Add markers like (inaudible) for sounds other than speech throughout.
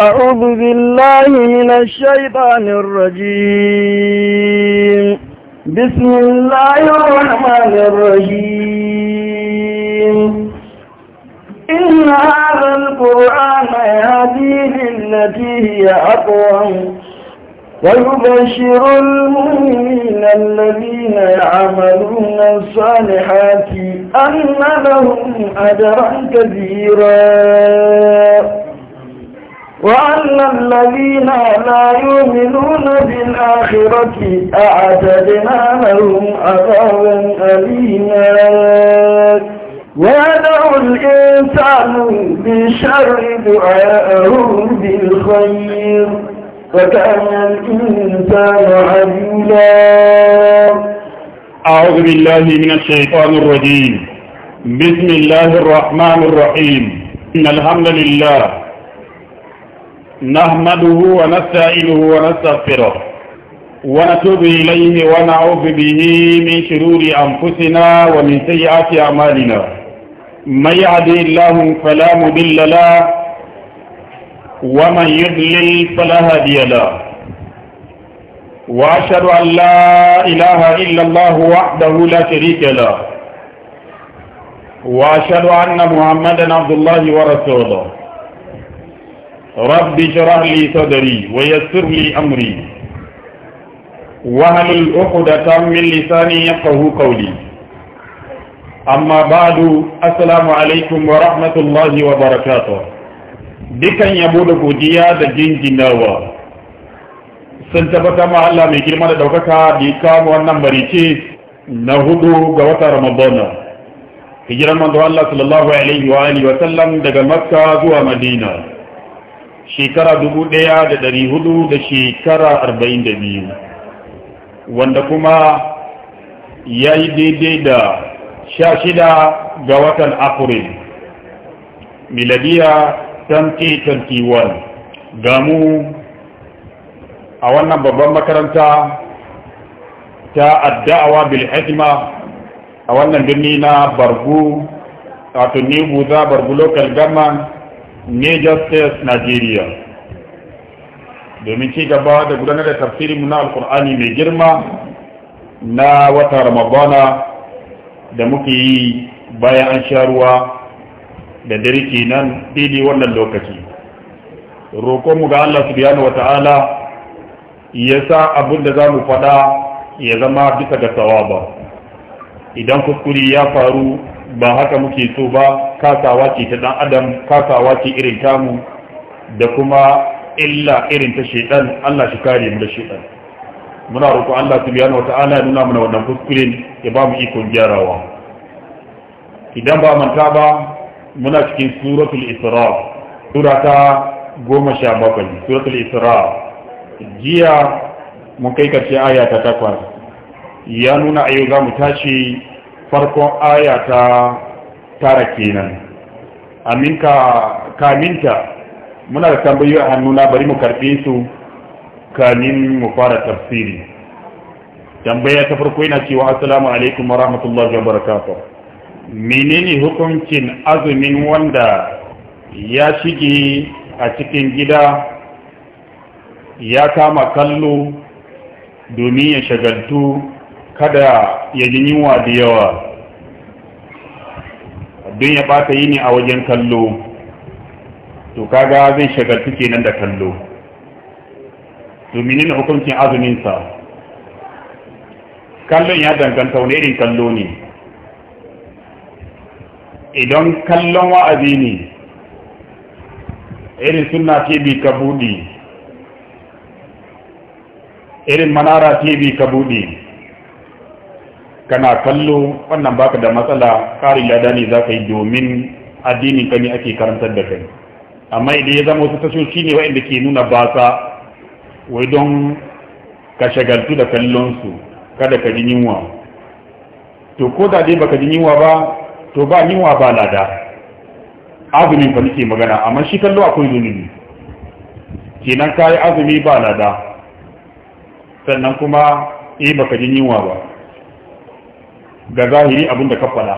أعوذ بالله من الشيطان الرجيم بسم الله الرحمن الرحيم إن هذا القرآن يهدي للتي هي أقوم ويبشر المؤمنين الذين يعملون الصالحات أن لهم أجرا كبيرا وأن الذين لا يؤمنون بالآخرة أعتدنا لهم عذابا أليما ويدعو الإنسان بشر دعاءه بالخير وكان الإنسان عليلا أعوذ بالله من الشيطان الرجيم بسم الله الرحمن الرحيم إن الحمد لله نحمده ونستعينه ونستغفره ونتوب إليه ونعوذ به من شرور أنفسنا ومن سيئات أعمالنا من يهده الله فلا مضل له ومن يضلل فلا هادي له وأشهد أن لا إله إلا الله وحده لا شريك له وأشهد أن محمدا عبد الله ورسوله رب اشرح لي صدري ويسر لي أمري ne الأحدة من لساني يفقه قولي أما بعد السلام عليكم ورحمة wa وبركاته dukan yabo da godiya da jinjinawa sun tabbata ma Allah mai girma da daukaka da ya kama wannan barice na hudu ga wata Ramadana hijiran manzo Allah sallallahu alaihi wa alihi wa sallam daga Makka zuwa Madina shekara dubu ɗaya da ɗari hudu da shekara arba'in da biyu wanda kuma ya yi daidai da sha shida ga watan afirin miladiya 2021 gamu a wannan babban makaranta ta adda'awa bilhikma a wannan birni na bargu a tunibu za bargu local government Niger states Nigeria. Domin ci gaba da gudanar da mu na Alkur'ani mai girma na wata Ramadana da muke yi bayan an sha ruwa da dare kenan daidai wannan lokaci. Roƙonmu ga Allah subhanahu wata'ala ya sa abin da za mu faɗa ya zama bisa ga ba Idan kuskuri ya faru ba haka muke so ba kasawa ce ta dan adam kasawa ce irin tamu da kuma illa irin ta shedan Allah shi kare mu da shedan muna roƙo Allah subhanahu wata'ala ya nuna mana wannan kuskure ya ba mu ikon gyarawa idan ba manta ba muna cikin suratul isra sura ta goma sha bakwai suratul isra jiya mun kai karshe aya ta takwas ya nuna ayo za mu tashi farkon aya ta tara kenan aminka kaminta muna da tambayoyi a hannuna bari mu karɓe su kamin mu fara tafsiri tambaya ta farko yana cewa assalamu alaikum wa rahmatullahi wa barakatuh menene hukuncin azumin wanda ya shige a cikin gida ya kama kallo domin ya shagaltu kada ya ji yunwa da yawa don ya bata yi ne a wajen kallo to kaga zai shagaltu kenan da kallo to na hukuncin azuminsa kallon ya danganta wani irin kallo ne idan kallon wa'azi ne irin suna tv ka buɗe irin manara tv ka buɗe kana kallo wannan baka da matsala karin lada ne za ka yi domin addinin ka ne ake karantar da kai amma idan ya zama wasu tashoshi ne wa'inda ke nuna basa wai don ka shagaltu da kallonsu kada ka ji yunwa to ko da dai baka ji yunwa ba to ba yunwa ba lada azumin fa nake magana amma shi kallo akwai zunubi kenan yi azumi ba lada sannan kuma eh baka ji yunwa ba ga zahiri abin da ka faɗa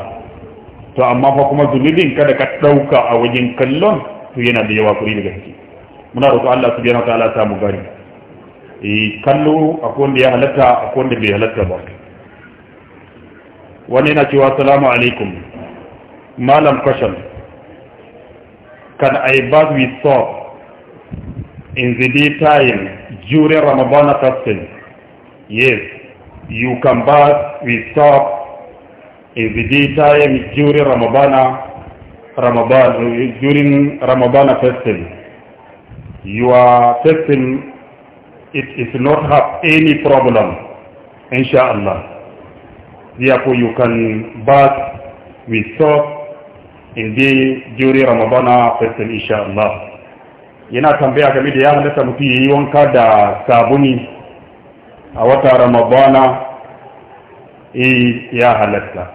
to amma fa kuma zunubin kada ka ɗauka a wajen kallon to yana da yawa kuri daga ciki muna roƙo Allah subhanahu wa ta'ala ta mu bari e eh, kallo akwai wanda ya halatta akwai wanda bai halatta ba wani yana cewa salamu alaikum malam kashal can I bath with soap in the daytime during Ramadan fasting yes you can bath with soap ibidi ta yi jurin ramabana during ramabana festival your festival it is not have any problem inshallah therefore you can bath with soap in the during ramabana festival inshallah yana tambaya game da ya halatta mutum yi wanka da sabuni a wata ramabana eh, ya halatta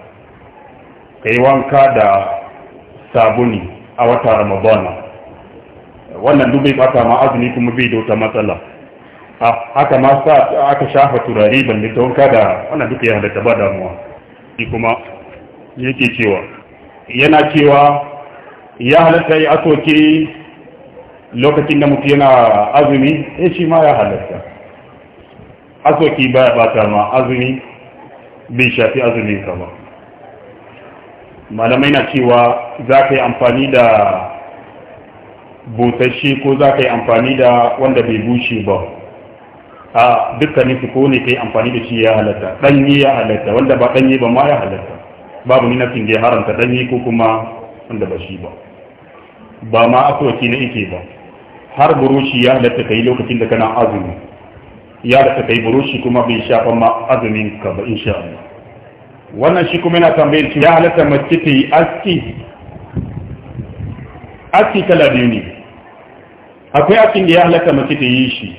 ka yi wanka da sabuni a wata ramadana wannan dubai fata ma azumi kuma bai da wata matsala aka ma sa aka shafa turare ban da wanka da wannan duka ya halatta ba damuwa shi kuma yake cewa yana cewa ya halatta ya asoke lokacin da mutum yana azumi ya eh, shi ma ya halatta asoki ya bata ma azumi bai shafi azumin ka ba malamai na cewa za ka yi amfani da busasshe ko za ka yi amfani da wanda bai bushe ba a dukkanin su ko ne ka yi amfani da shi ya halatta ɗanye ya halatta wanda ba ɗanye ba ma ya halatta babu ni nafin da ya haramta ɗanye ko kuma wanda ba shi ba ba ma asuwaki na ike ba har burushi ya halatta ka yi lokacin da kana azumi ya halatta ka yi burushi kuma bai shafa ma azumin ka ba insha Allah wannan shi kuma yana tambayar shi ya halatta mace ta yi aski aski kala biyu ne akwai askin da ya halatta mace ta yi shi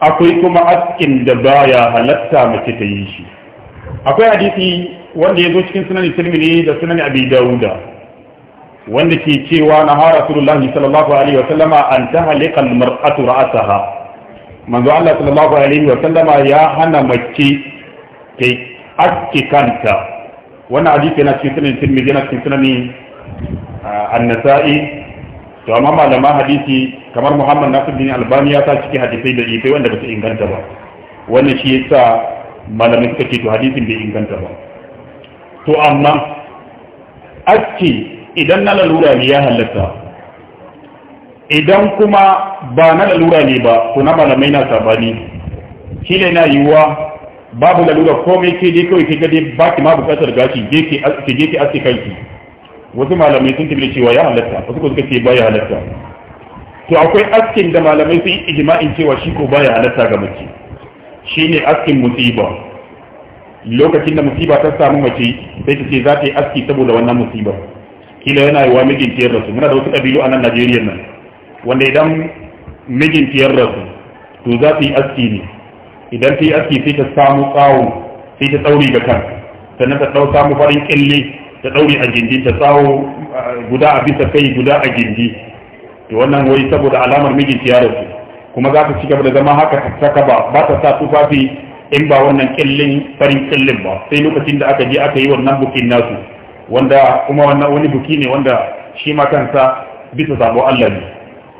akwai kuma askin da baya halatta mace ta yi shi akwai hadisi wanda ya zo cikin sunan tirmidhi da sunan abi dauda wanda ke cewa na ha rasulullah sallallahu alaihi wa sallama an tahliqa almar'atu ra'saha manzo Allah sallallahu alaihi wa ya hana mace ta aske kanta wannan hadisi yana cikin sunan tirmidhi yana cikin sunan ah, annasa'i nasai to amma malama hadisi kamar Muhammad Nasiruddin Albani ya sa cikin hadisai da ifai wanda ba su inganta ba wannan shi yasa malamai suka ce to hadisin bai inganta ba to amma aske idan na lalura ne ya halatta idan kuma ba na lalura ne ba to na malamai na sabani shi ne na yiwuwa babu lalura komai ke dai kawai ke gade ba ki ma bukatar gashi ke je ki aske kanki wasu malamai sun tafi cewa ya halatta wasu ko suka ce baya halatta to akwai askin da malamai sun yi ijma'in cewa shi ko baya halatta ga mace shine askin musiba lokacin da musiba ta samu mace sai ta ce za ta yi aski saboda wannan musiba kila yana yi wa mijin tiyar rasu muna da wasu ɗabilu a nan Najeriya nan wanda idan mijin tiyar rasu to za ta yi aski ne idan ta yi aski sai ta samu tsawo sai ta tsauri ga kan sannan ta samu farin ƙille ta ɗauri a gindi ta tsawo guda a bisa kai guda a gindi to wannan wai saboda alamar mijinta ya rasu kuma za ta ci gaba da zama haka ta saka ba ba ta sa tufafi in ba wannan ƙillin farin ƙillin ba sai lokacin da aka je aka yi wannan bukin nasu wanda kuma wannan wani buki ne wanda shi ma kansa bisa sabo Allah ne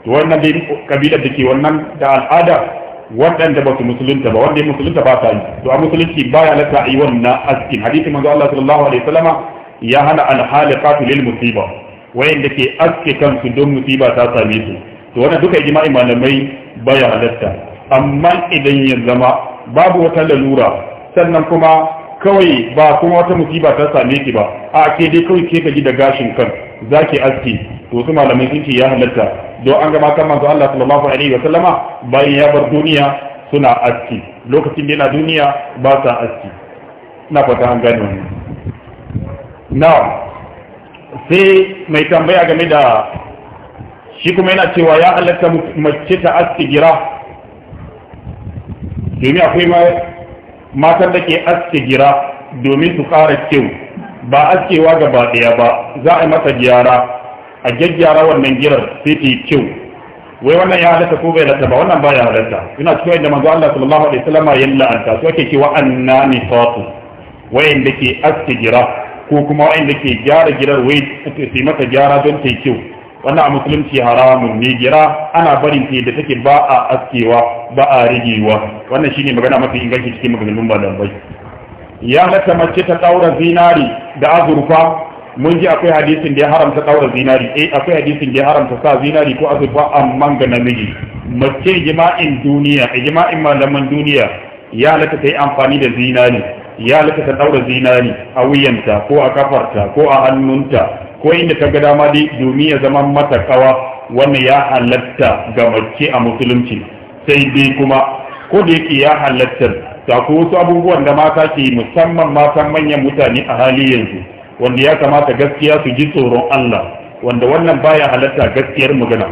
to wannan dai kabilar da ke wannan da al'ada waɗanda ba su musulunta ba wanda ya musulunta ba ta yi to a musulunci ba ya lata yi wannan askin hadisi manzo Allah sallallahu alaihi wasallama ya hana alhaliqatu lil musiba wayanda ke aske kansu don musiba ta same su to wannan duka ijma'i malamai baya halatta amma idan ya zama babu wata lalura sannan kuma kawai ba kuma wata musiba ta same ki ba a ke dai kawai ke ka ji da gashin kan zaki aski to su malamai sun ce ya halatta don an gama kan manzo Allah sallallahu alaihi wa sallama bayan ya bar duniya suna aski lokacin da yana duniya ba sa aski ina fata an gane wannan na sai mai tambaya game da shi kuma yana cewa ya halatta mace ta aski gira domin akwai matan da ke aski gira domin su ƙara kyau ba askewa gaba ɗaya ba za a yi masa gyara a gyaggyara wannan girar sai ta yi kyau wai wannan ya halatta ko bai halatta ba wannan ba ya halatta ina cikin yadda manzo Allah sallallahu alaihi wasallam ya la'anta su ake cewa anna nifatu wayanda ke aske gira ko kuma wayanda ke gyara girar wai sai mata gyara don ta yi kyau wannan a musulunci haramun ne gira ana barin ta da take ba a askewa ba a rigewa wannan shine magana mafi inganci cikin maganganun malamai ya halatta mace ta daura zinari da azurfa mun ji akwai hadisin da ya haramta daura zinari eh akwai hadisin da ya haramta sa zinari ko azurfa amma ga namiji mace jima'in duniya jima'in malaman duniya ya halatta ta yi amfani da zinari ya halatta ta daura zinari a wuyanta ko a kafarta ko a hannunta ko inda ta ga dama dai domin ya zama mata kawa wannan ya halatta ga mace a musulunci sai dai kuma ko da yake ya halatta to wasu abubuwan da mata ke musamman matan manyan mutane a hali yanzu wanda ya kamata gaskiya su ji tsoron Allah wanda wannan baya halatta gaskiyar magana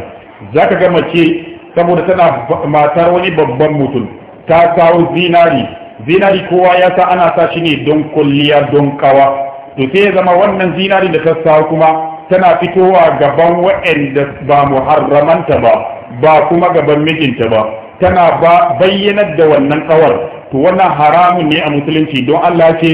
zaka gama ce saboda tana matar wani babban mutum ta kawo zinari zinari kowa ya sa ana sa shi ne don kulliya don kawa to sai ya zama wannan zinari da ta sa kuma tana fitowa gaban waɗanda ba mu muharramanta ba ba kuma gaban mijinta ba tana ba bayyanar da wannan kawar to wannan haramun ne a musulunci don Allah ce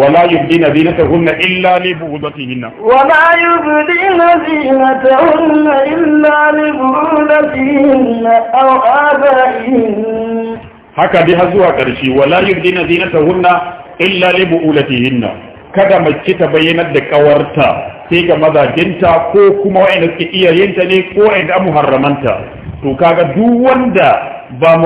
wala yubdina zinatahunna illa li bu'udatihinna wala yubdina zinatahunna illa li bu'udatihinna aw abaihinna haka dai har zuwa ƙarshe wala yubdina kada mace ta bayyanar da kawarta sai ga mazajinta ko kuma wa'anda suke iyayenta ne ko wa'anda muharramanta to kaga duk wanda ba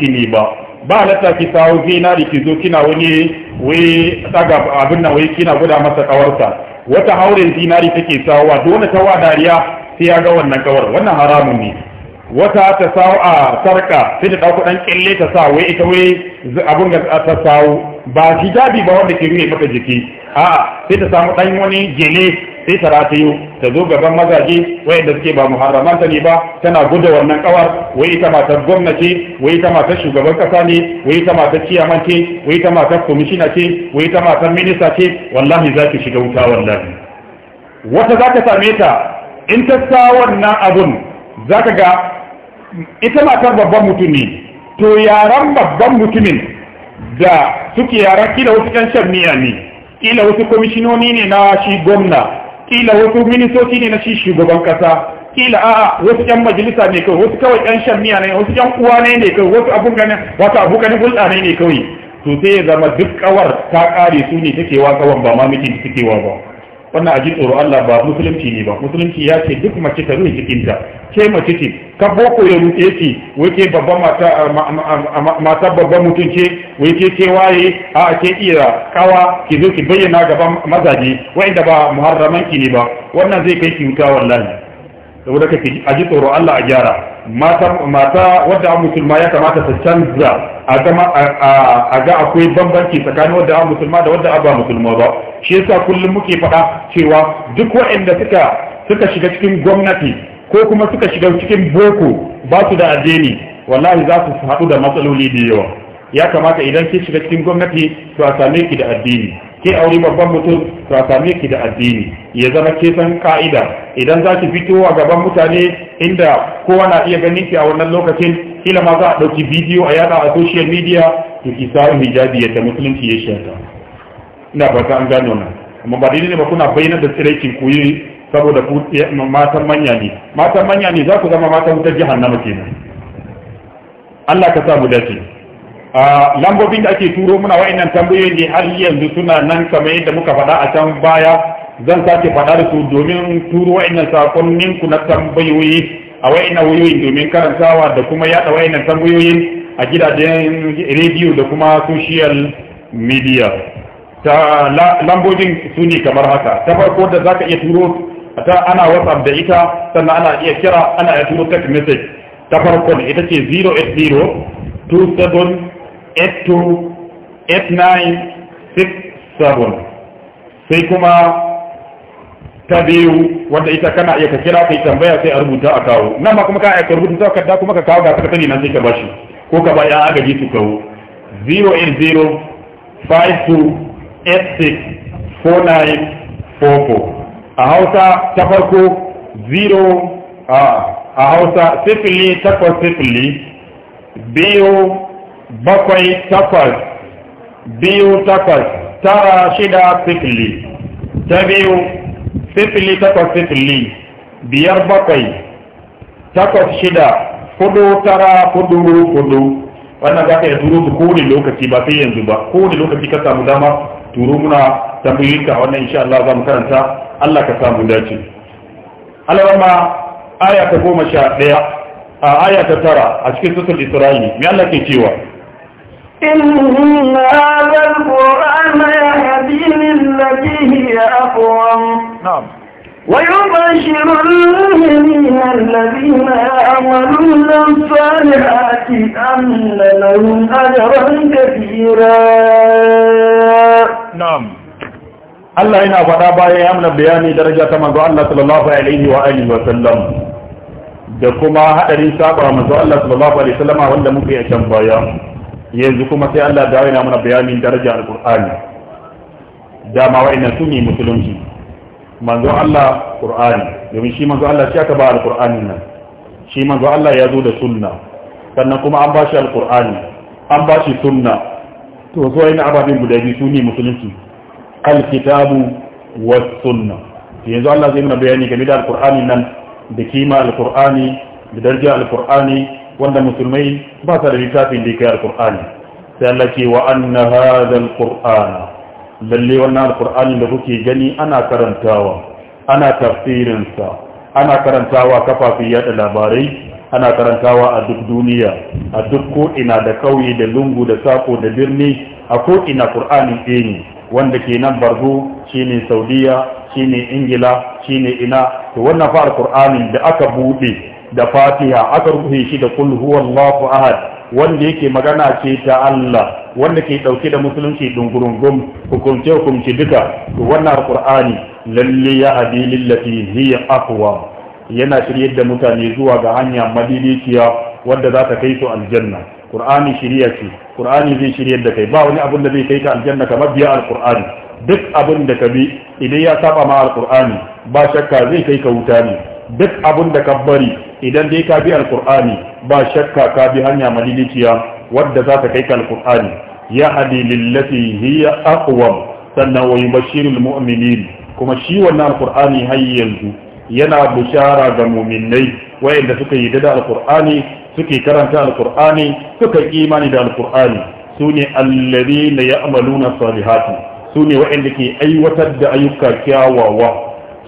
ki ne ba ba halatta ki zina zinari ki zo kina wani wai daga abin nan wai kina guda masa kawarsa wata hauren zinari take sawa dole ta wa dariya sai ya ga wannan kawar wannan haramun ne wata ta sawo a sarka sai da dauko dan kille ta sa wai ita wai abin da ta sawo ba hijabi ba wanda ke rufe maka jiki a'a sai ta samu dan wani gele sai ta ratayo ta zo gaban mazaje da suke ba muharraman ta ne ba tana gudu wannan kawar wai ita matar gwamnati wai ita matar shugaban kasa ne wai ita matar ciyaman ce wai ita matar kwamishina ce wai ita matar minista ce wallahi za ki shiga wuta wallahi wata za ka same ta in ta sa wannan abun za ka ga ita matar babban mutum ne to yaran babban mutumin da suke yaran kila wasu kan shan miya ne kila wasu kwamishinoni ne na shi gwamna kila wasu ministoci ne na shi shugaban kasa kila a'a wasu yan majalisa ne kawai wasu kawai yan shan miya ne wasu yan uwa ne ne kawai wasu abun ganin wata abokanin hulɗa ne ne kawai to sai ya zama duk kawar ta kare su ne take wasa kawan ba ma mutum take wa ba wannan ajin tsoro Allah ba musulunci ne ba musulunci ya ce duk mace ta rufe cikinta ke mace ce ka boko ya rute ki wai ke babban mata babban mutum ce wai ke ke waye a ke iya kawa ki zo ki bayyana gaban mazaje wanda ba muharraman ki ne ba wannan zai kai ki wuta wallahi saboda ka a ji tsoro Allah a gyara mata wadda a musulma ya kamata ta canza a gama a ga akwai bambanci tsakanin wadda a musulma da wadda a ba musulma ba shi yasa kullum muke faɗa cewa duk waɗanda suka shiga cikin gwamnati ko kuma suka shiga cikin boko ba su da addini wallahi za su haɗu da matsaloli da yawa ya kamata idan ke shiga cikin gwamnati to a same ki da addini ke aure babban mutum to a same ki da addini ya zama ke san ka'ida idan za ki fito a gaban mutane inda kowa na iya ganin ki a wannan lokacin kila ma za a ɗauki bidiyo a yada a social media to ki sa hijabi ya musulunci ya shata ina fata an gano na amma ba daidai ne ba kuna bayyana da tsiraikin ku yi saboda matan manya ne matan manya ne za ku zama matan wutar jihar na kenan Allah ka sa mu dace Ah, lambobin da ake turo muna wa'annan tambayoyin ne har yanzu suna nan kamar yadda muka faɗa a can baya zan sake faɗa da su domin turo wa'annan sakonnin ku na tambayoyi a wa'annan wayoyin domin karantawa da kuma yaɗa wa'annan tambayoyin a gidajen rediyo da kuma social media ta lambobin su ne kamar haka ta farko da zaka iya turo ta ana whatsapp da ita sannan ana iya kira ana iya turo text message ta farko ita ce 080 27 8967 sai kuma ta biyu wanda ita kana iya ka kira kai tambaya sai a rubuta a kawo nan ma kuma ka aika rubuta ta kadda kuma ka kawo ga kasani nan sai ka bashi ko ka ba ya agaji su kawo 08052864944 a hausa ta farko 0 a hausa sifili takwas sifili biyu bakwai takwas biyu takwas tara shida sifili ta biyu sifili takwas sifili biyar bakwai takwas shida hudu tara hudu hudu wannan za ka iya turo su kowane lokaci ba sai yanzu ba kowane lokaci ka samu dama turo muna tambayoyinka wannan insha Allah za mu karanta Allah ka samu dace alama aya ta goma sha ɗaya a aya ta tara a cikin sutul isra'ili me Allah ke cewa نعم. ويبشر المؤمنين الذين يعملون الصالحات أن لهم أجرا كثيرا نعم الله هنا فدا باي يامنا بياني درجة من قال الله صلى الله عليه وآله وسلم دكما هذا الإنسان قال الله صلى الله عليه وسلم هو الذي يشم بياني yanzu kuma sai Allah da yana mana bayanin daraja alqur'ani dama wa'annan sun yi musulunci manzo Allah qur'ani domin shi manzo Allah shi aka ba Alƙur'ani nan shi manzo Allah ya zo da sunna sannan kuma an ba shi Alƙur'ani an ba shi sunna to so yana ababin guda biyu sun yi musulunci alkitabu was sunna yanzu Allah zai mana bayani game da Alƙur'ani nan da kima Alƙur'ani da daraja Alƙur'ani. wanda musulmai ba sa da littafin da ke kai alkur'ani sai Allah ke wa anna hadha alqur'ana lalle wannan alkur'ani da kuke gani ana karantawa ana tafsirin ana karantawa kafafin yada labarai ana karantawa a duk duniya a duk ko'ina da kauye da lungu da sako da birni a ko'ina ina qur'ani wanda ke nan barzo shine saudiya shine ingila shine ina to wannan fa kur'anin da aka buɗe. da fatiha aka rufe shi da kul huwallahu ahad wanda yake magana ce ta Allah wanda ke dauke da musulunci dungurungum hukunce hukunci duka to wannan alqur'ani lalle ya hadi lillati hiya aqwa yana shiryar da mutane zuwa ga hanya madidiciya wanda za ta kai su aljanna qur'ani shiriya ce qur'ani zai shiryar da kai ba wani abin da zai kai ka aljanna kamar biya alqur'ani duk abin da ka bi idan ya saba ma alqur'ani ba shakka zai kai ka wuta ne duk abin da ka bari idan dai ka bi alkur'ani ba shakka ka bi hanya madidiciya wadda za ta kai ka alkur'ani ya hadi lillafi hiya aqwam sannan wa yubashshirul mu'minin kuma shi wannan alkur'ani har yanzu yana bishara ga mu'minai wayanda suka yi da alkur'ani suke karanta alkur'ani suka imani da alkur'ani sune alladhina ya'maluna salihati sune wayanda ke aiwatar da ayyuka kyawawa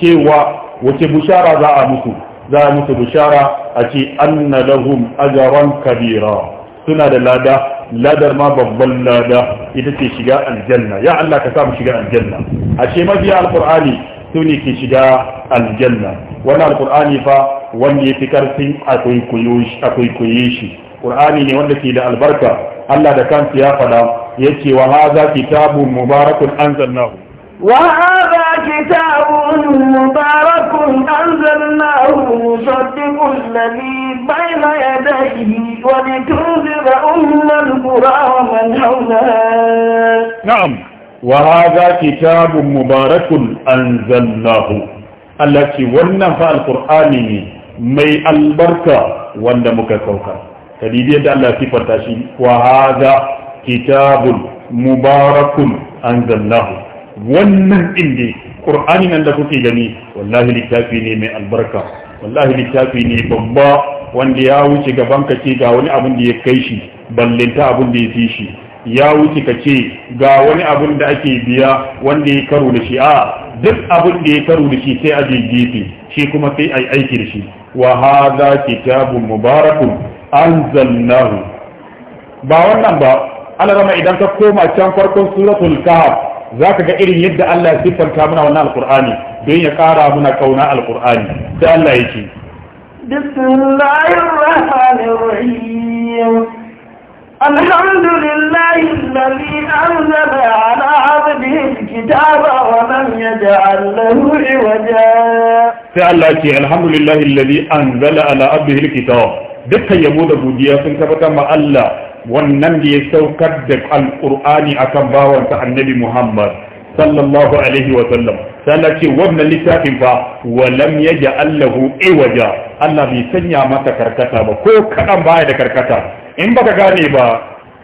cewa wace bushara za a mutu za a mutu bushara a ce anna lahum ajran kabira suna da lada ladar ma babban lada ita ce shiga aljanna ya Allah ka samu shiga aljanna a ce mabiya alqur'ani sune ke shiga aljanna wannan alqur'ani fa wanda yafi karfin a kwaikwaye shi kuyoshi qur'ani ne wanda ke da albarka Allah da kansa ya fada ce wa haza kitabun mubarakun anzalnahu وهذا كتاب مبارك أنزلناه مصدق الذي بين يديه ولتنذر أم القرى ومن حولها نعم وهذا كتاب مبارك أنزلناه التي ونفى القرآن مي البركة وندمك كوكا تديدي الله فتاشي وهذا كتاب مبارك أنزلناه wannan din dai qur'ani nan da kuke gani wallahi littafi ne mai albarka wallahi littafi ne babba wanda ya wuce gaban ka ce ga wani abin da ya kai shi ballinta abin da ya fi shi ya wuce ka ce ga wani abin da ake biya wanda ya karo da shi a duk abin da ya karo da shi sai a je gefe shi kuma sai a yi aiki da shi wa hadha kitabun mubarakun anzalnahu ba wannan ba Allah idan ka koma can farkon suratul kahf za ka ga irin yadda Allah ya siffanta muna wannan alkur'ani don ya ƙara muna kauna alkur'ani sai Allah ya ce bismillahirrahmanirrahim الحمد لله الذي أنزل على عبده الكتاب ولم يجعل له عوجا فعلاك الحمد لله الذي أنزل على عبده الكتاب دكا يمود بوديا سنكبتا مع الله wannan da ya saukar da a akan bawansa annabi muhammad sallallahu alaihi wa sallam ce wannan littafin fa wa lam yaj'al lahu iwaja Allah bai sanya masa karkata ba ko kaɗan baya da karkata in baka gane ba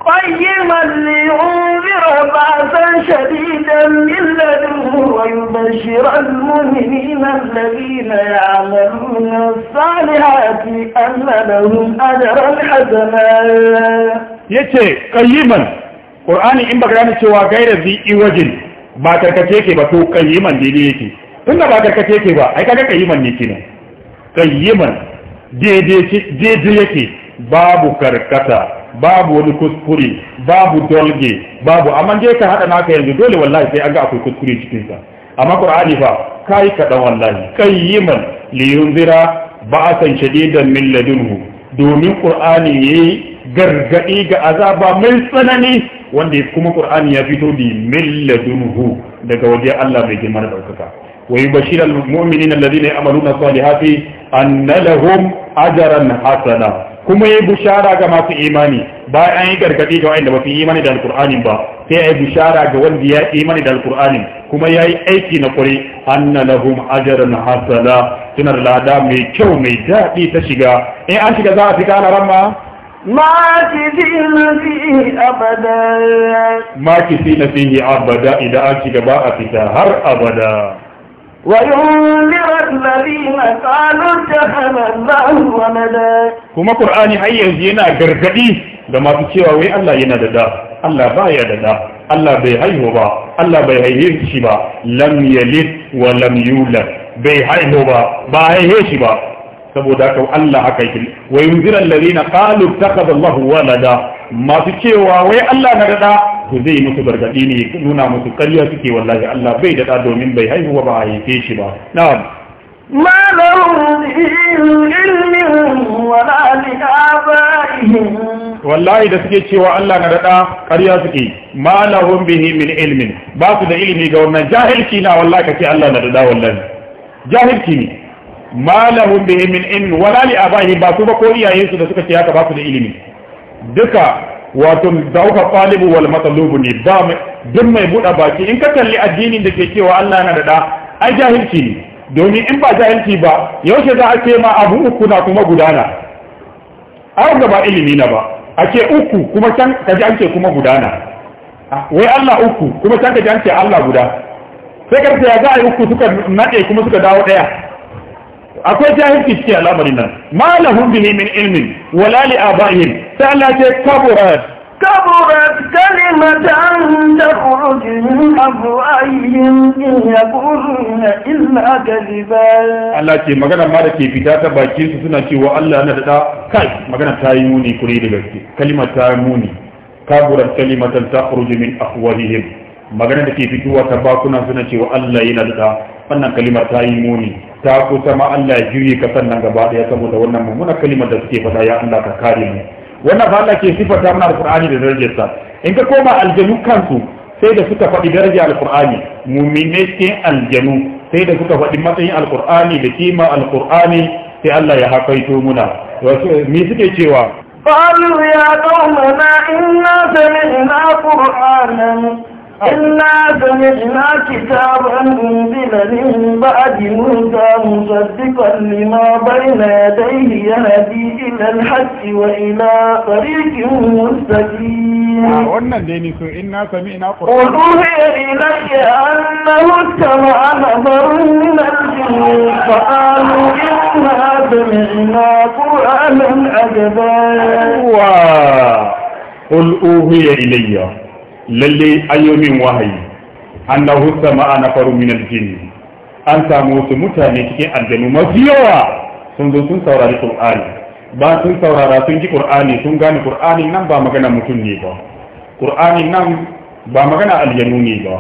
qayyiman li'um وينذرهم بأسا شديدا من لدنه ويبشر المؤمنين الذين يعملون الصالحات أن لهم أجرا حسنا yace qayyiman qur'ani in baka gane cewa gairar zi iwajin ba karkace yake ba to qayyiman daidai yake tunda ba karkace yake ba ai kaga qayyiman ne kenan qayyiman daidai daidai yake babu karkata babu wani kuskure babu dolge babu amma je ka hada naka yanzu dole wallahi sai an ga akwai kuskure cikin sa amma qur'ani fa kai ka dan wallahi qayyiman li yunzira ba'san shadidan min ladunhu domin qur'ani yayi gargadi ga azaba mai tsanani wanda kuma qur'ani ya fito bi min ladunhu daga waje Allah mai girma da daukaka wa yubashirul mu'minina alladhina ya'maluna salihati anna lahum ajran hasana kuma yi bushara ga masu imani bayan an yi gargadi ga wanda ba su imani da alkur'ani ba sai yi bushara ga wanda ya imani da alqur'ani kuma ya yi aiki na kuri anna lahum ajran hasana tunar lada mai kyau mai daɗi ta shiga in an shiga za a fi kana ran ma na fi abada na fi abada idan an shiga ba a fita har abada وينذر الذين قالوا اتخذ الله ولدا كما قراني har yanzu yana gargadi ga masu cewa wai Allah yana da da Allah baya da da Allah bai haihu ba Allah bai haihe shi ba lam yalid wa lam yulad bai haihu ba ba haihe shi ba saboda haka Allah haka yake wa yunzir alladhina qalu ittakhadha Allah walada masu cewa wai Allah na da da to zai yi musu gargaɗi ne nuna musu ƙarya suke wallahi Allah bai daɗa domin bai haihuwa ba a haife shi ba na'am ما لهم علم ولا لآبائهم wallahi da suke cewa Allah na daɗa ƙarya suke ma lahum bihi min ilmin ba su da ilimi ga wannan jahilci na wallahi kace Allah na daɗa wallahi jahilci ne ma lahum bihi min ilmin wala li abaihim ba su ba ko iyayensu da suka ce haka ba su da ilimi duka wato dauka talibu wal matalubu ne ba duk mai buɗa baki in ka kalli addinin da ke cewa Allah yana da ɗa ai jahilci ne domin in ba jahilci ba yaushe za a ce ma abu uku na kuma gudana a ba ilimi na ba a ce uku kuma can ka ji an ce kuma gudana wai Allah uku kuma can ka ji an ce Allah guda sai karfe ya za a uku suka nade kuma suka dawo ɗaya akwai jahilci cikin al'amarin nan ma lahum bihi min ilmin wala li aba'ihim sai Allah ya kabura كبرت كلمة تخرج من أفواههم إن يقولون إلا كذبا الله ce magana ma da ke fita ta bakin su suna cewa Allah na da kai magana ta yi muni kure da gaske kalimar ta yi muni kaburat kalimatan takhruju min afwahihim magana da ke fitowa ta bakuna suna cewa Allah yana da wannan kalimar ta yi muni ta kusa ma Allah ya juye san nan gaba daya saboda wannan mummunan kalimar da suke fada ya Allah ka kare mu wannan fa Allah ke sifata mana alqur'ani da darajarsa in ka koma aljanu kansu sai da suka faɗi daraja alqur'ani mu'minai ke aljanu sai da suka faɗi matsayin alqur'ani da kima alqur'ani sai Allah ya hakaito muna me suke cewa قالوا يا قومنا إنا سمعنا قرآنا إنا سمعنا كتابا أنزل من بعد موسى مصدقا لما بين يديه يهدي إلى الحق وإلى طريق مستقيم آه، قل أوحي إلي أنه استمع نظر من الجن فقالوا إنا سمعنا قرآنا عجبا قل أوحي إلي lalle ayyomin wahayi an annahu sama'a nafaru min al jini, an samu wasu mutane cikin aljanu mafi yawa sun zo sun saurari qur'ani ba sun saurara sun ji qur'ani sun gane qur'ani nan ba magana mutum ne ba qur'ani nan ba magana aljanu ne ba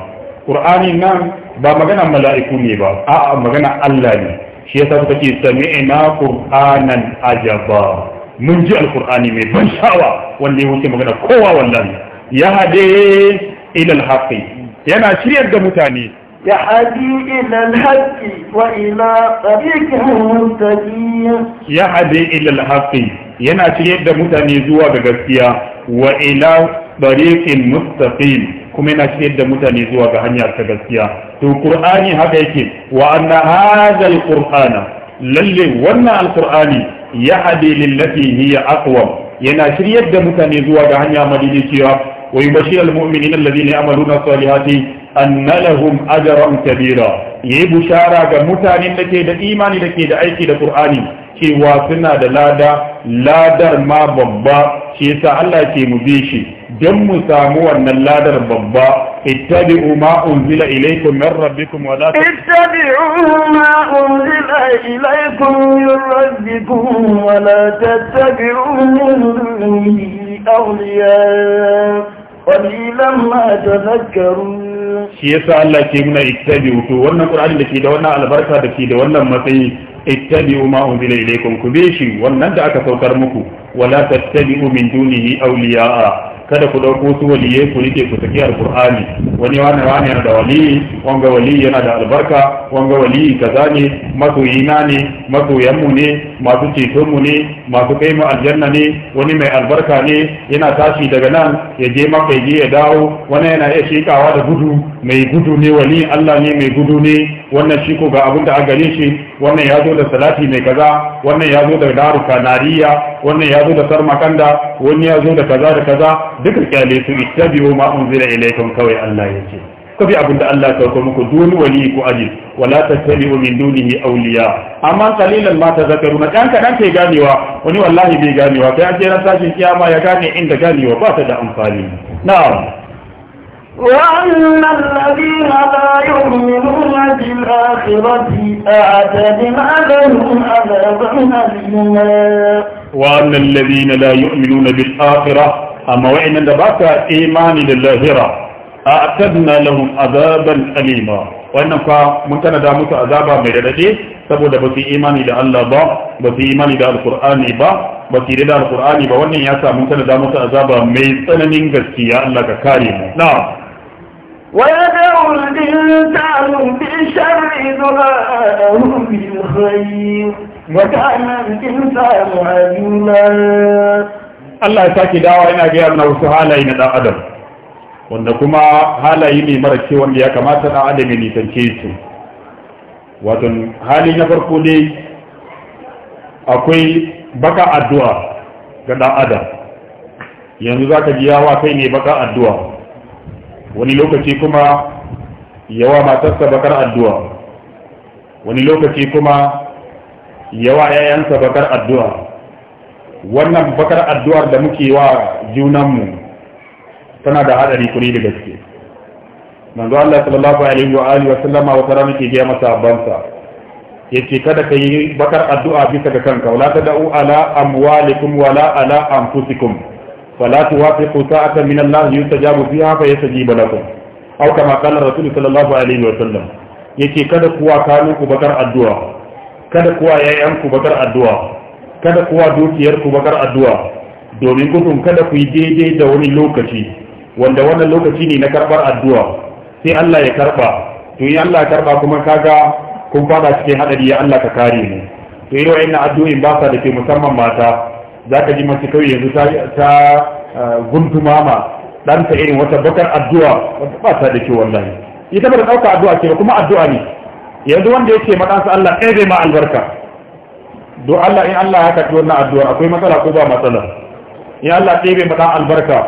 qur'ani nan ba magana mala'iku ne ba a'a magana Allah ne shi yasa suka ce sami'na qur'anan ajaba mun ji alqur'ani mai ban sha'awa wanda ya wuce magana kowa wallahi ya hade ilal haƙi yana shiryar da mutane ya hadi ilal haƙi wa ila tsarikin mustaqim ya hade ilal haƙi yana shiryar da mutane zuwa ga gaskiya wa ila tsarikin mustaqim kuma yana shiryar da mutane zuwa ga hanyar ta gaskiya to qur'ani haka yake wa anna hadha alqur'ana lalle wannan alqur'ani yahdi lillati hiya aqwam yana shiryar da mutane zuwa ga hanya madidiciya ويبشر المؤمنين الذين يعملون الصالحات أن لهم أجرا كبيرا يبشارا كمتان لكي دا إيمان لكي دا أيكي دا قرآن كي واسنا دا لادا لادر ما ببا كي سألا كي مبيشي جم سامو أن لادر ببا اتبعوا ما أنزل إليكم من ربكم ولا اتبعوا ما أنزل إليكم من ربكم ولا تتبعوا من أولياء qalilan ma tadhakkarun shi yasa Allah ke muna ittabi'u to wannan Qur'ani da ke da wannan albarka da ke da wannan matsayi ittabi'u ma unzila ilaykum ku bi shi wannan da aka saukar muku wala tattabi'u min dunihi awliya'a kada ku dauko su waliyai ku rike ku saki alqur'ani wani wani wani yana da wali wanga wali yana da albarka wanga wali kaza ne masoyina ne masoyanmu ne masu cetonmu ne masu kai mu aljanna ne wani mai albarka ne yana tashi daga nan ya je maka ya je ya dawo wani yana iya shekawa da gudu mai gudu ne wali Allah ne mai gudu ne wannan shi ko ga abin da a gare shi wannan ya zo da salati mai kaza wannan ya zo da daru kanariya wannan ya zo da sarmakanda wani ya zo da kaza da kaza duka kyale su ittabi'u ma unzila ilaykum kawai Allah yake ku bi abinda Allah ya sauko muku duni wali ku aji wala tattabi'u min dunihi awliya amma qalilan ma tazakkaruna dan kadan kai ganewa wani wallahi bai ganewa kai an je ran tashin kiyama ya gane inda ganewa ba ta da amfani na'am وأن الذين لا يؤمنون بالآخرة أعتدنا لهم عذابا أليما وأن الذين لا يؤمنون بالآخرة أما وإن دبك إيمان للآخرة a'tadna lahum azaban alima wannan fa mun tana da musu mai radade saboda ba su imani da Allah ba ba su imani da alqur'ani ba ba su da alqur'ani ba wannan ya sa mun tana da musu azaba mai tsananin gaskiya Allah ka kare mu na. na'am ويدعو الإنسان بالشر دعاءه بالخير وكان الإنسان عجولا Allah ya sake dawa ina gaya mana wasu halaye na ɗan adam wanda kuma halaye ne mara ce wanda ya kamata da adam ya nisance su wato hali na farko ne akwai baka addu'a ga dan adam yanzu za ka jiya wa kai ne baka addu'a wani lokaci kuma yawa matarsa bakar addu'a wani lokaci kuma yawa yayansa bakar addu'a wannan bakar addu'ar da muke wa junanmu tana da haɗari kuri da gaske manzo Allah sallallahu alaihi wa alihi wa sallama wata rana ke ga masa abansa yace kada ka yi bakar addu'a bisa ga kanka wala tad'u ala amwalikum wala ala anfusikum wala tuwafiqu sa'atan min Allah yustajabu fiha fa yastajibu lakum aw kama qala rasul sallallahu alaihi wa sallam yace kada kuwa kanu ku bakar addu'a kada kuwa yayan ku bakar addu'a kada kuwa dukiyar ku bakar addu'a domin gudun kada ku yi daidai da wani lokaci wanda wannan lokaci ne na karbar addu'a sai Allah ya karba to in Allah ya karba kuma kaga kun fada cikin hadari ya Allah ka kare mu to irin wa'annan addu'in ba sa da ke musamman mata Za ka ji masu kawai yanzu ta ta uh, guntuma ma ɗanta irin wata bakar addu'a wata ba sa da ke wallahi ita ba da ɗauka addu'a ce kuma addu'a ne yanzu wanda yake maɗansa Allah ɗaya zai ma albarka Do Allah in Allah ya karɓi wannan addu'a akwai matsala ko ba matsala in Allah ɗaya bai maɗan albarka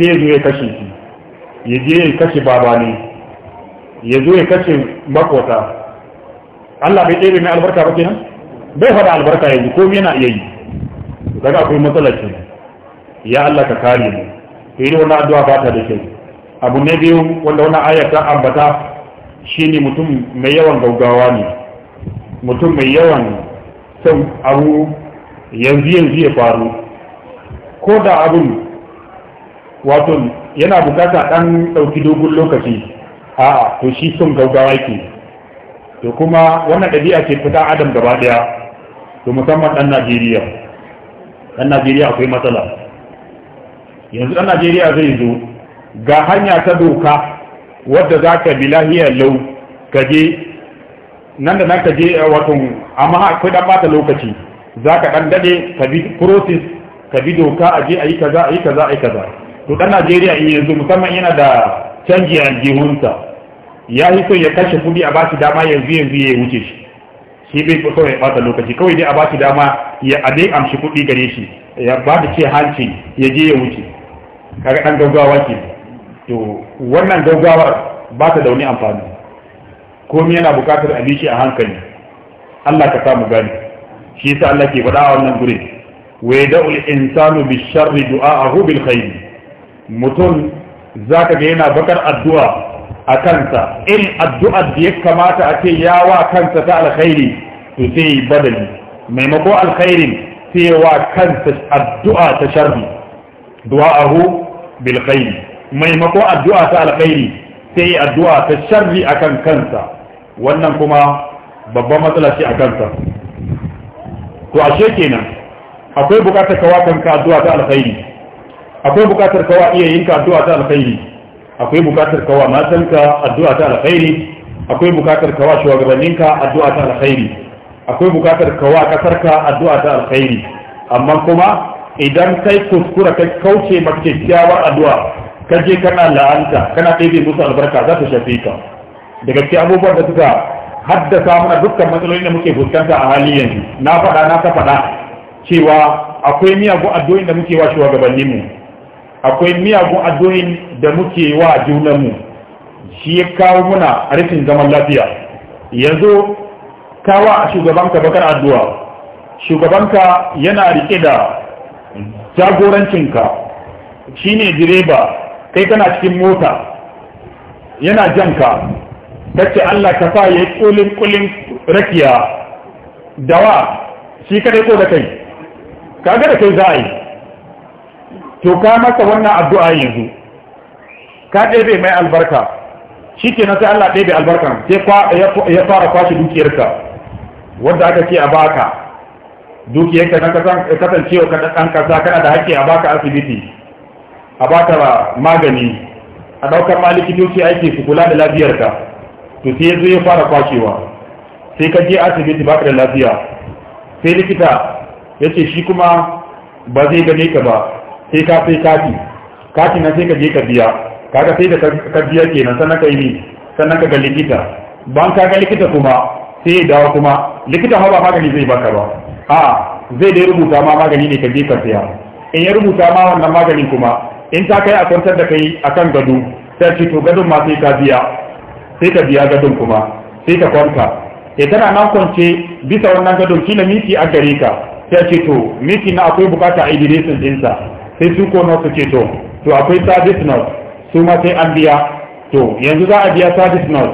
sai ya zo ya kashe shi ya je ya kashe baba ne ya zo ya kashe makota Allah bai ɗebe mai albarka ba kenan bai faɗa albarka yanzu ko na iya yi daga akwai matsalar ce ya Allah ka kare mu to yi wannan addu'a ba ta da kyau abu ne biyu wanda wannan ayyata, ta ambata shine mutum mai yawan gaugawa ne mutum mai yawan son abu yanzu yanzu ya faru ko da abun wato yana bukata ɗan ɗauki dogon lokaci a to shi son gaugawa yake to kuma wannan ɗabi'a ce fita adam gaba daya to musamman ɗan najeriya ɗan najeriya akwai matsala yanzu ɗan najeriya zai zo ga hanya ta doka wadda za ka bi lahiya lau ka je nan da nan ka je eh, wato amma akwai dan bata lokaci za ka ɗan daɗe ka bi process ka bi doka a je a yi kaza a yi kaza a yi kaza to dan Najeriya in yanzu musamman yana da canji a jihunsa ya yi so ya kashe kudi a bashi dama yanzu yanzu ya wuce shi shi bai so ya bata lokaci kawai dai a bashi dama ya adai amshi kudi gare shi ya ba da ce hanci ya je ya wuce kaga dan gaugawa ke to wannan gaugawar ba ta da wani amfani komai yana buƙatar a bishi a hankali Allah ka samu gani shi yasa Allah ke faɗa a wannan gure wa yada'u al-insanu bi-sharri du'a'ahu bil-khair mutum za ka ga yana bakar addu'a a kansa in addu'ar da ya kamata a ce ya wa kansa ta alkhairi to sai yi badali maimako alkhairin sai ya wa kansa addu'a ta sharri a bil khairi maimako addu'a ta alkhairi sai addu'a ta sharri akan kansa wannan kuma babban matsala shi a kansa to ashe kenan akwai bukatar kawakan addu'a ta alkhairi akwai bukatar kawa iya yinka addu'a ta alkhairi akwai bukatar kawa matanka addu'a ta alkhairi akwai bukatar kawa shugabanninka addu'a ta alkhairi akwai bukatar kawa kasarka addu'a ta alkhairi amma kuma idan kai kuskura kai kauce maka kyakkyawar addu'a ka je kana la'anta kana ɗebe musu albarka za ta shafe ka daga cikin abubuwan da suka haddasa mana dukkan matsalolin da muke fuskanta a hali yanzu na faɗa na ka faɗa cewa akwai miyagun addu'o'in da muke wa shugabanninmu akwai miyagun addu'o'in da muke wa junanmu shi ya kawo muna rashin zaman lafiya yanzu kawa a shugabanka bakar addu'a shugabanka yana rike da jagorancinka shi ne direba kai kana cikin mota yana janka ce Allah ka sa ya yi kulin kulin rakiya dawa shi kadai ko da kai ga da kai za a yi to ka masa wannan addu'a yanzu ka ɗebe mai albarka shi ke sai Allah ɗebe albarkan sai ya fara kwashe dukiyarka wadda aka ce a baka dukiyarka na kasancewa ka ɗan kasa kana da haƙƙi a baka asibiti a baka magani a ɗaukar ma likitoci aiki su kula da lafiyarka to sai ya ya fara kwashewa sai ka je asibiti baka da lafiya sai likita ya ce shi kuma ba zai gane ka ba sai ka sai kati kati na sai ka je ka biya kaga sai da ka biya kenan sannan ka yi sannan ka ga likita ban ka ga likita kuma sai ya dawo kuma likita ma ba magani zai baka ba a zai dai rubuta ma magani ne ka je ka siya in ya rubuta ma wannan maganin kuma in ta kai a kwantar da kai akan gado sai ce to gadon ma sai ka biya sai ka biya gadon kuma sai ka kwanta e tana nan kwance bisa wannan gadon kila miki a gare ka sai ce to miki na akwai bukata a idirisin dinsa sai su ko nawa suke to to akwai service note su ma sai an biya to yanzu za a biya service note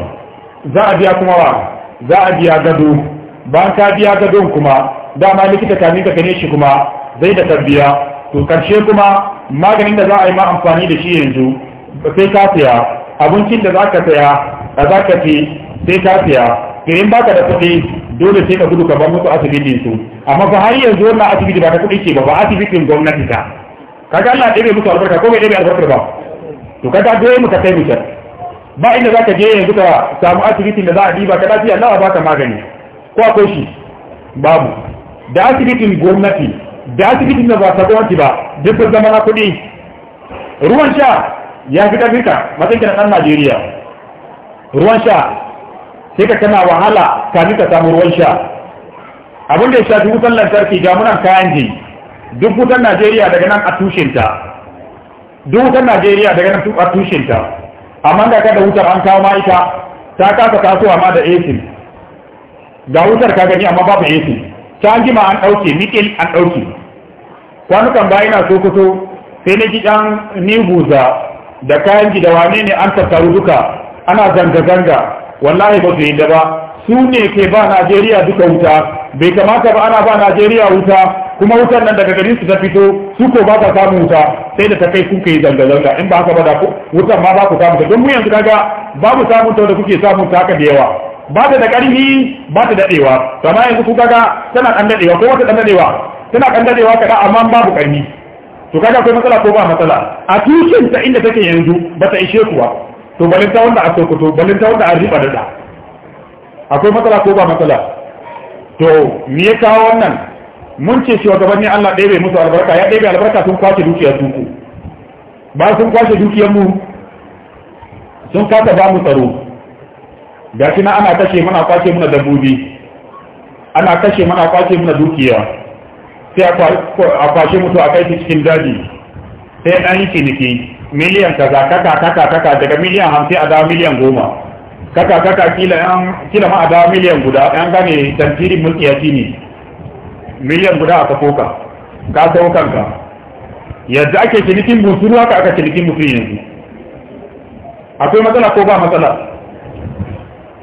za a biya kuma wa za a biya gado bayan ka biya gadon kuma dama likita kamin ka kane shi kuma zai da tarbiya to karshe kuma maganin da za a yi ma amfani da shi yanzu sai ka siya abincin da za ka saya a za ka fi sai ka siya to in baka da kuɗi dole sai ka gudu ka bar musu asibitin su amma fa har yanzu wannan asibiti ba ta kuɗi ke ba ba asibitin gwamnati ta kaga Allah ɗebe musu albarka ko bai ɗebe albarka ba to kaga dole mu ka kai can. ba inda za ka je yanzu ka samu asibitin da za a diba ka dafi Allah baka magani ko akwai shi babu da asibitin gwamnati da asibitin da ba ta gwamnati ba duk sun zama na kuɗi ruwan sha ya fi ƙarfi ka matsayin kan ɗan Najeriya ruwan sha sai ka kana wahala kafin ka samu ruwan sha abin da ya shafi wutan lantarki ga munan kayan jini duk wutar Najeriya daga nan a tushenta duk wutar Najeriya daga nan a tushenta amma da kada wutar an kawo ita ta kasa kasuwa ma da AC ga wutar ka gani amma babu AC ta jima an dauke mikil an dauke kwanukan ba na sokoto sai na ji dan nibuza da kayan gida wane ne an tattaru duka ana zanga zanga wallahi ba su yi da ba su ne ke ba Najeriya duka wuta bai kamata ba ana ba Najeriya wuta kuma wutar nan daga garin su ta fito su ko ba ta samu wuta sai da ta kai kuka yi zanga-zanga in ba haka ba da ku wutar ma ba ku samu ta don mu yanzu kaga ba mu samu ta da kuke samu ta haka da yawa ba ta da ƙarfi ba ta daɗewa to yanzu ku kaga tana kan daɗewa ko wata ɗan daɗewa tana kan daɗewa kada amma babu ƙarfi to kaga akwai matsala ko ba matsala a tushen ta inda take yanzu ba ta ishe kuwa to balinta wanda a sokoto balinta wanda a riba da akwai matsala ko ba matsala to me ya kawo wannan mun ce shugabanni Allah ɗebe musu albarka ya ɗebe albarka sun kwace dukiyar su ba sun kwace dukiyar mu sun kasa ba mu tsaro ga shi na ana kashe muna kwace muna dabbobi ana kashe muna kwace muna dukiya sai a kwashe mutu a kai su cikin daji sai ɗan yi ciniki miliyan kaza kaka kaka kaka daga miliyan hamsin a dawa miliyan goma kaka kaka kila yan kila ma da miliyan guda yan gane tantiri mulki ya ne miliyan guda aka foka ka sau kanka yadda ake cinikin ruwa ka aka cinikin musu yanzu akwai matsala ko ba matsala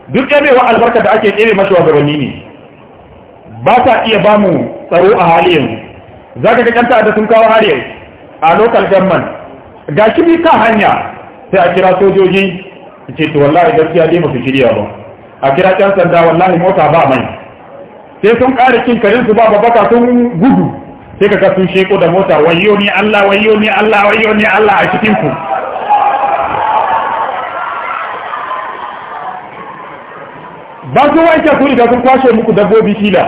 duk ɗabewa albarka da ake tsere mashi gabanni ne ba ta iya ba mu tsaro a hali yanzu za ka kakanta da sun kawo hali a local government ga shi bi ka hanya sai a kira sojoji ce to wallahi gaskiya dai baka shirya ba a kira ɗan sanda wallahi mota ba mai sai sun ƙara kin karin su ba babbaka sun gudu sai ka ga sun sheko da mota wayyo ni Allah wayyo ni Allah wayyo ni Allah a cikin ku ba su wanke ku da sun kwashe muku dabbobi fila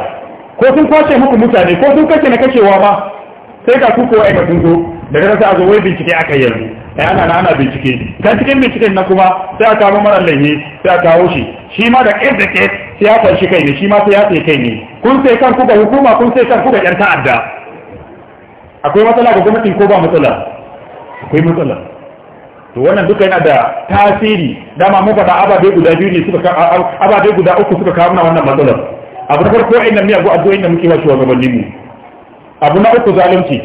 ko sun kwashe muku mutane ko sun kace na kacewa ba sai ka ku ko aikatun zo daga sai a zo wai bincike aka yanzu ya eh, ana ana bincike ta cikin binciken na kuma sai a kawo mara laifi sai a kawo shi shi ma da ƙet da ƙet sai ya fanshi kai ne shi ma sai ya sai kai ne kun sai kan kuka hukuma kun sai kan kuka yan ta'adda akwai matsala ga gwamnatin ko ba matsala akwai matsala to wannan duka yana da tasiri dama mun faɗa ababe guda biyu ne suka ababe guda uku suka kawo mana wannan matsala abu na farko ina miya go addu'a da muke wa mu abu na uku zalunci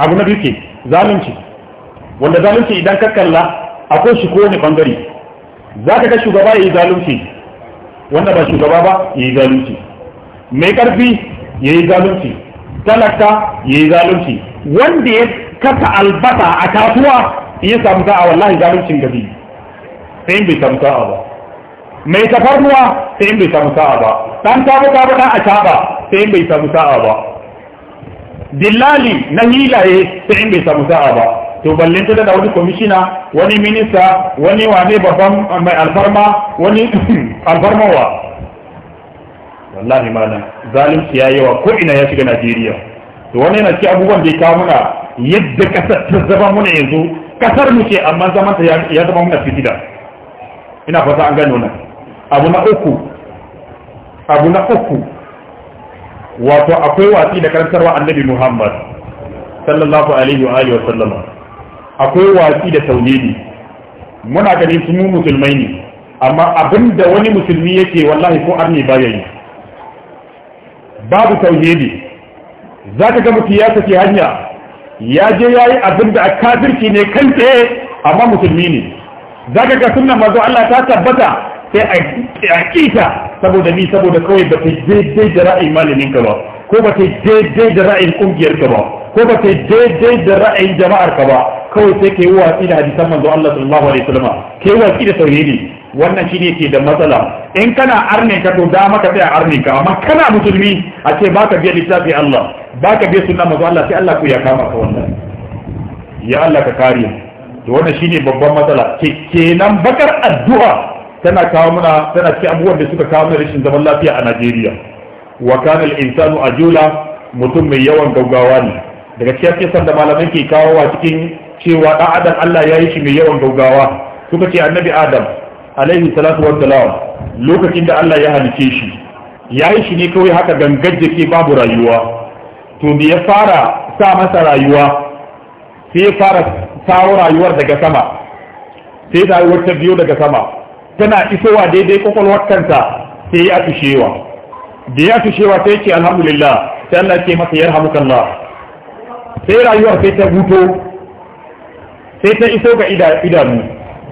abu na biyu ke zalunci wanda zalunci idan ka kalla akwai shi kowane bangare za ka ga shugaba ya yi zalunci wanda ba shugaba ba ya yi zalunci mai karfi ya yi zalunci talaka ya yi zalunci wanda ya kasa albasa a kasuwa ya samu sa'a wallahi zaluncin gabi sai in bai samu sa'a ba mai tafarnuwa sai in bai samu sa'a ba dan tabu tabu a acaba sai in bai samu sa'a ba dillali na hilaye sai in bai samu sa'a ba to ballin ta da wani komishina wani minista wani wane babban mai alfarma wani (clears throat) alfarmawa wallahi malam zalunci ya yawa ko ina ya shiga Najeriya to wani yana ci abubuwan da ya kawo muna yadda kasar ta zama muna yanzu kasar mu ce amma zaman ta ya zama muna fitida ina fata an gano nan abu na uku abu na uku wato akwai watsi da karantarwa annabi Muhammad sallallahu alaihi wa alihi wa sallama akwai watsi da tauhidi muna ganin su mu musulmai ne amma abin da wani musulmi yake wallahi ko arni baya yi babu tauhidi za ka ga mutum ya hanya ya je ya yi abin da kafirci ne kan tsaye amma musulmi ne za ka ga sunan mazo Allah ta tabbata sai a kita saboda ni saboda kawai ba ta daidai da ra'ayin malamin ka ba ko ba ta daidai da ra'ayin kungiyar ka ba ko ba ta daidai da ra'ayin jama'ar ka ba kawai sai ke kai watsi da hadisan manzo Allah sallallahu alaihi wasallam kai watsi da tauhidi wannan shine ke da matsala in kana arne ka to da maka tsaya arne ka amma kana musulmi a ce baka biya littafi Allah baka biya sunna manzo Allah sai Allah ku ya kama ka wannan ya Allah ka kare to wannan shine babban matsala Ke kenan bakar addu'a tana kawo muna tana cikin abubuwan da suka kawo mana rashin zaman lafiya a Najeriya wa kana al-insanu ajula mutum mai yawan gaugawa ne daga cikin kisan da malamai ke kawo wa cikin cewa ɗan adam Allah ya yi shi mai yawan gaugawa suka ce annabi adam alaihi salatu wa salam lokacin da Allah ya halice shi ya yi shi ne kawai haka gangar ke babu rayuwa to da ya fara sa masa rayuwa sai ya fara sawo rayuwar daga sama sai rayuwar ta biyo daga sama tana isowa daidai kwakwalwar kanta sai ya tushewa da ya tushewa sai ce alhamdulillah sai Allah ke masa yarhamukallah sai rayuwar sai ta huto sai ta iso ga idanu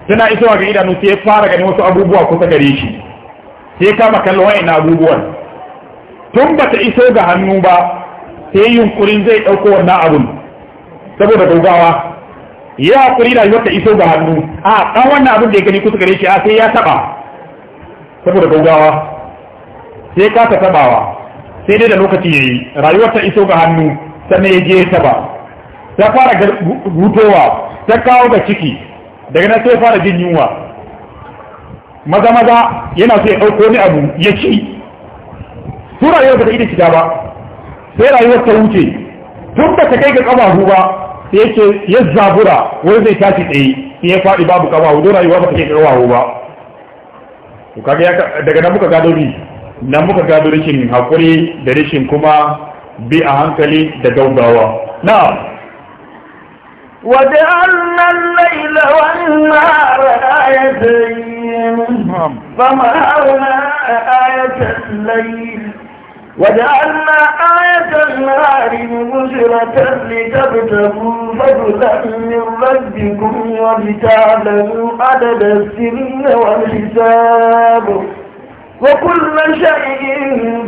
tana iso ga idanu sai ya fara ganin wasu abubuwa kusa gare shi sai kama kallon wa'in abubuwan tun ba ta iso ga hannu ba sai yunkurin zai ɗauko wannan abun saboda gaugawa ya hakuri da yiwuwar ta iso ga hannu a ɗan wannan abin da ya gani kusa gare shi a sai ya taɓa saboda gaugawa sai ka ta taɓawa sai dai da lokaci ya yi rayuwar ta iso ga hannu sannan ya je ya taɓa ta fara gutowa ta kawo ga ciki daga nan sai fara jin yunwa maza maza yana so ya ɗauko wani abu ya ci tun rayuwar ba ta ida ba sai rayuwar ta wuce tun ba ta kai ga ƙafafu ba sai yake ya zabura wani zai tashi tsaye sai ya faɗi babu ƙafafu don rayuwa ba ta kai ga ƙafafu ba daga nan muka gado ni nan muka gado rikin hakuri da rikin kuma bi a hankali da gaugawa na'am وجعلنا الليل والنهار آيتين نعم. فمهرنا آية الليل وجعلنا آية النهار مبشرة لتبتغوا فضلا من ربكم ولتعلموا عدد السن والحساب وكل شيء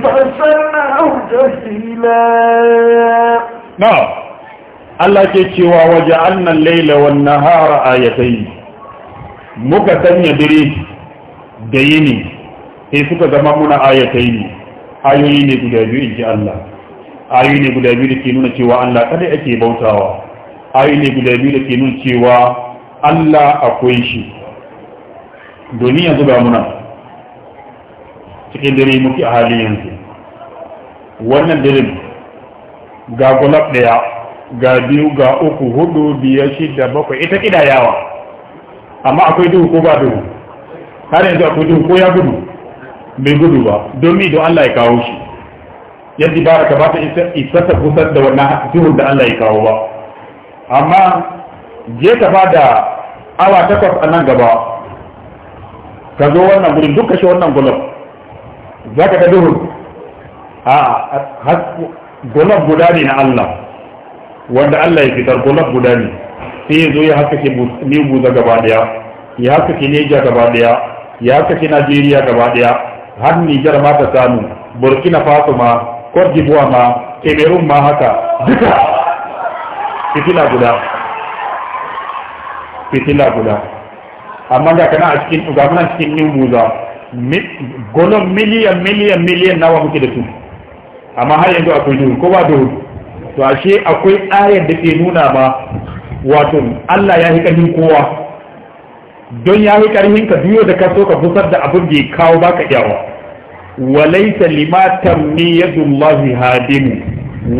فصلناه تفصيلا نعم Allah ke cewa waje annan laila wa nahara ayatai muka sanya dare da yini sai suka zama muna ayatai ne ayoyi ne guda biyu inji Allah ayoyi ne guda biyu da ke nuna cewa Allah kada ake bautawa ayoyi ne guda biyu da ke nuna cewa Allah akwai shi domin yanzu ga muna cikin dare muke a halin yanzu wannan dare ga gulab daya ga biyu ga uku hudu biyar shida bakwai ita yawa. amma akwai duhu ko ba duhu har yanzu akwai duhu ko ya gudu bai gudu ba domin don Allah ya kawo shi yadda ba ka ba ta isa ta kusa da wannan duhun da Allah ya kawo ba amma je ka ba da awa takwas a nan gaba ka zo wannan gudun duk kashe wannan gulab za ka ta duhun a gulab guda ne na Allah wanda Allah ya fitar ko guda ne sai ya zo ya haka ke Nibuza gaba daya ya haka ke Neja gaba daya ya haka ke Najeriya gaba daya har Nijar ma ta samu Burkina Faso ma Cote d'Ivoire ma Cameroon ma haka duka fitila guda fitila guda amma ga kana a cikin ga muna cikin Nibuza golon miliyan miliyan miliyan nawa muke da su amma har yanzu akwai duhu ko ba duhu to ashe akwai ayar da ke nuna ma wato Allah ya yi karfin kowa don ya yi karfin ka biyo da ka so ka busar da abin da ya kawo baka iyawa limatan ne ya yadullahi Hadinu.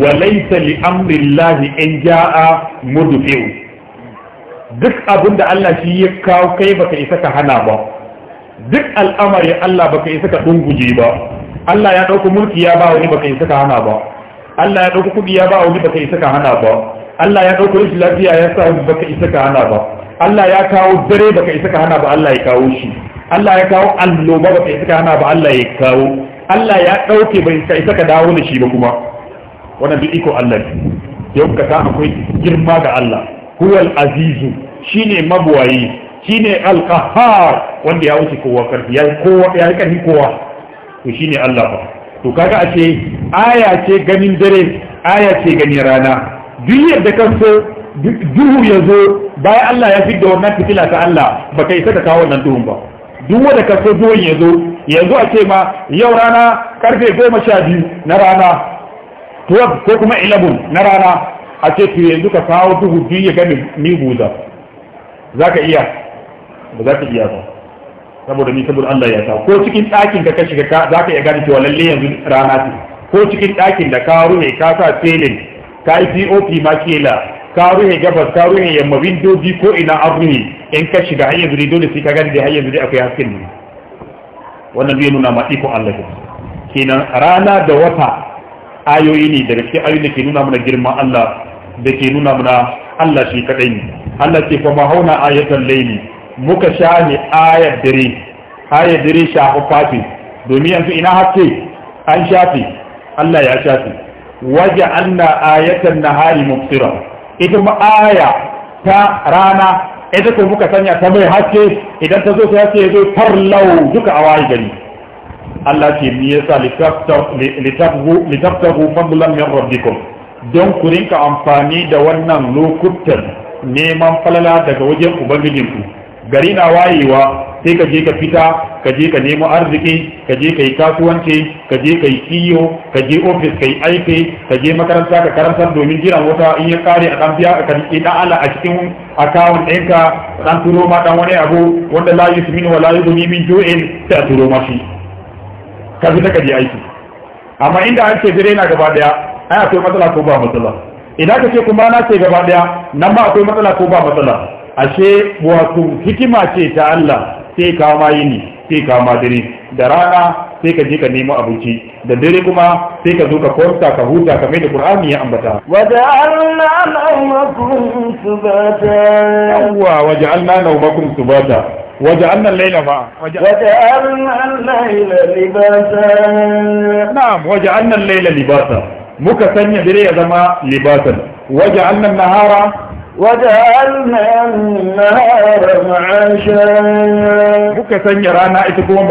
walaita li amrillahi in jaa mudfi'u duk abin da Allah shi ya kawo kai baka isa ka hana ba duk al'amari Allah baka isa ka dunguje ba Allah ya dauko mulki ya ba wani baka isa ka hana ba Allah ya dauko kudi ya ba wani baka isa ka hana ba Allah ya dauko rashin lafiya ya sa wani baka isa ka hana ba Allah ya kawo dare baka isa ka hana ba Allah ya kawo shi Allah ya kawo alloba baka isa ka hana ba Allah ya kawo Allah ya ɗauke bai isa isa ka dawo da shi ba kuma wannan duk iko Allah ne yau ka ta akwai girma ga Allah huwal azizu shine mabuwayi shine alqahar wanda ya wuce kowa karfi ya kowa ya yi karfi kowa to shine Allah ba to kaga a ce aya ce ganin dare aya ce ganin rana duk yadda kan duhu ya zo bayan Allah ya fi da wannan fitila ta Allah ba ka isa ka kawo wannan duhun ba duk wanda ka so duhun ya zo yanzu a ce ma yau rana karfe goma sha biyu na rana twelve ko kuma ilabu na rana a ce to yanzu ka kawo duhu biyu ya gani ni buza za ka iya ba za ka iya ba saboda ni saboda Allah ya sa ko cikin ɗakin ka ka shiga za ka iya gane cewa lalle yanzu rana ce ko cikin ɗakin da ka ruhe ka sa selin ka yi pop ma makela ka ruhe gabas ka ruhe yamma windoji ko ina an ruhe in ka shiga har yanzu dole sai ka gane da har yanzu akwai hasken ne wannan zai nuna ma iko Allah ke kenan rana da wata ayoyi ne daga cikin ayoyi da ke nuna mana girman Allah da ke nuna mana Allah shi kadai ne Allah ce kuma hauna ayatan laili muka sha ne ayar dare ayar dare shafi fati domin yanzu ina haske an shafi Allah ya shafi waje anna ayatan nahari mubsira ita ma aya ta rana ita ko muka sanya ta mai haske idan ta zo sai haske zo farlau duka awai gani. gari Allah ce ni yasa litaftahu litaftahu fadlan min rabbikum don ku rinka amfani da wannan lokutan neman falala daga wajen ubangijinku gari na wayewa sai ka je ka fita ka je ka nemo arziki ka je ka yi kasuwanci ka je ka yi kiyo ka je ofis ka yi aiki ka je makaranta ka karantar domin jiran wata in ya kare a ɗan biya a karɓi ala a cikin akawun ɗinka ɗan turo ma ɗan wani abu wanda la yusmin wa la min ju'in sai a turo ma ka fita ka je aiki amma inda an ce dare na gaba daya ai akwai matsala ko ba matsala idan ka ce kuma na ce gaba daya nan ma akwai matsala ko ba matsala ashe wato hikima ce ta Allah sai ka ma yini sai ka ma dare da rana sai ka je ka nemo abinci da dare kuma sai ka zo ka kwanta ka huta ka maida Qur'ani ya ambata waja'alna nawmakum subata yawwa waja'alna nawmakum subata وجعلنا الليل فا وجعلنا الليل لباسا نعم وجعلنا الليل لباسا muka sanya dare ya zama libasan waje annan nahara وجعلنا النهار معاشا kuka sanya rana ita kuma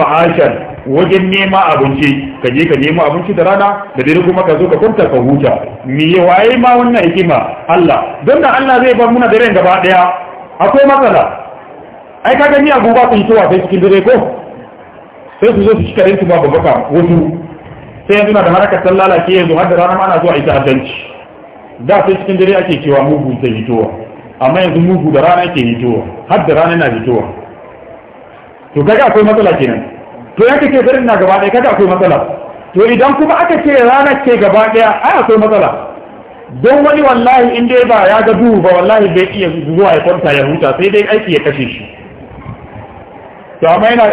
wajen nema abinci ka je ka nema abinci da rana da dare kuma ka zo ka kwanta ka huta me waye ma wannan hikima Allah don da Allah zai bar muna daren gaba daya akwai matsala ai ka gani abu su ku yi sai cikin dare ko sai su zo su cika rinsu ba babbaka wasu sai yanzu na da harakar sallala ke yanzu har da rana ma ana zuwa ita addanci da sai cikin dare ake cewa mugu sai hitowa amma yanzu mugu da rana ke hitowa har da rana na hitowa to kaga akwai matsala kenan to yanka ke garin na gaba ɗaya kaga akwai matsala to idan kuma aka ce rana ke gaba ɗaya ai akwai matsala don wani wallahi in dai ba ya ga duhu ba wallahi bai iya zuwa ya kwanta ya huta sai dai aiki ya kashe shi to amma yana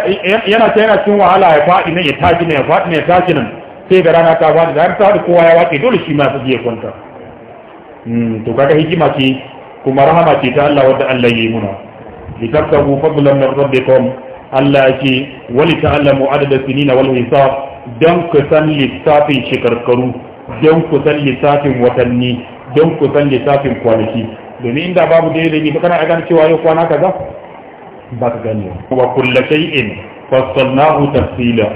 yana ta yana cikin wahala ya faɗi nan ya tashi nan ya faɗi nan ya tashi nan sai ga rana ta faɗi da har ta kowa ya wace dole shi ma ya kwanta Hmm, to kaga hikima ce kuma rahama ce ta Allah wadda Allah yi muna litabtagu fadlan min rabbikum Allah ce wali ta'lamu adada sinina wal hisab dan ku san lissafin shekarkaru dan ku san lissafin watanni dan ku san lissafin kwanaki domin inda babu da yadda ne kana gane cewa yau kwana kaza ba ka gane wa kullu shay'in fassalnahu tafsila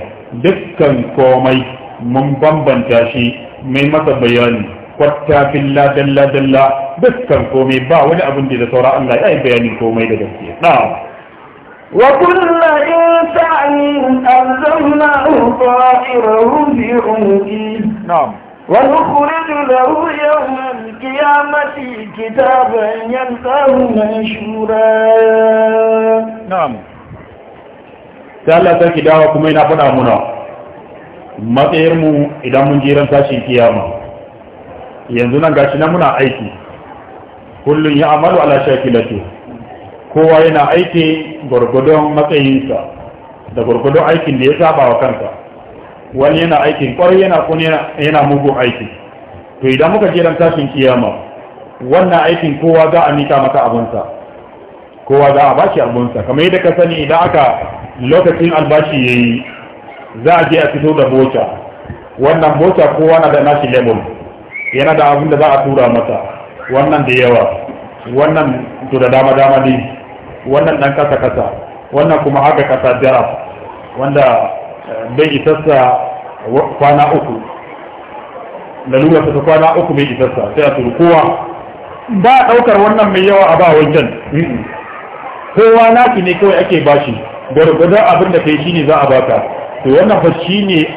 dukkan komai mun bambanta shi mai masa bayani kwatta filla dalla dalla dukkan komai ba wani abin da saura Allah ya yi bayanin komai da gaskiya na'am وكل إنسان ألزمناه طائره في عنقه نعم ونخرج له يوم القيامة كتابا يلقاه منشورا نعم Allah ki dawa kuma ina faɗa muna matsayarmu idan mun jiran tashin kiyama yanzu nan gashi na muna aiki kullum ya amalu ala shakilatu kowa yana aiki gwargwadon matsayinsa da gwargwadon aikin da ya saba wa kansa wani yana aikin kwarai yana kuni yana mugun aiki to idan muka je ran tashin kiyama wannan aikin kowa za a mika maka abunsa kowa za a bashi abunsa kamar yadda ka sani idan aka lokacin albashi yayi za a je a fito da bota wannan bota kowa na da nashi lemon yana da abin da za a tura mata wannan da yawa wannan to da dama dama ne wannan dan kasa kasa wannan kuma haka kasa jarab wanda eh, bai isassa kwana uku lalura ta kwana uku bai isassa sai a tura kowa ba a daukar wannan mai yawa a ba wajen. kowa naki ne kawai ake bashi gargada abin da kai shine za a baka to wannan fa shine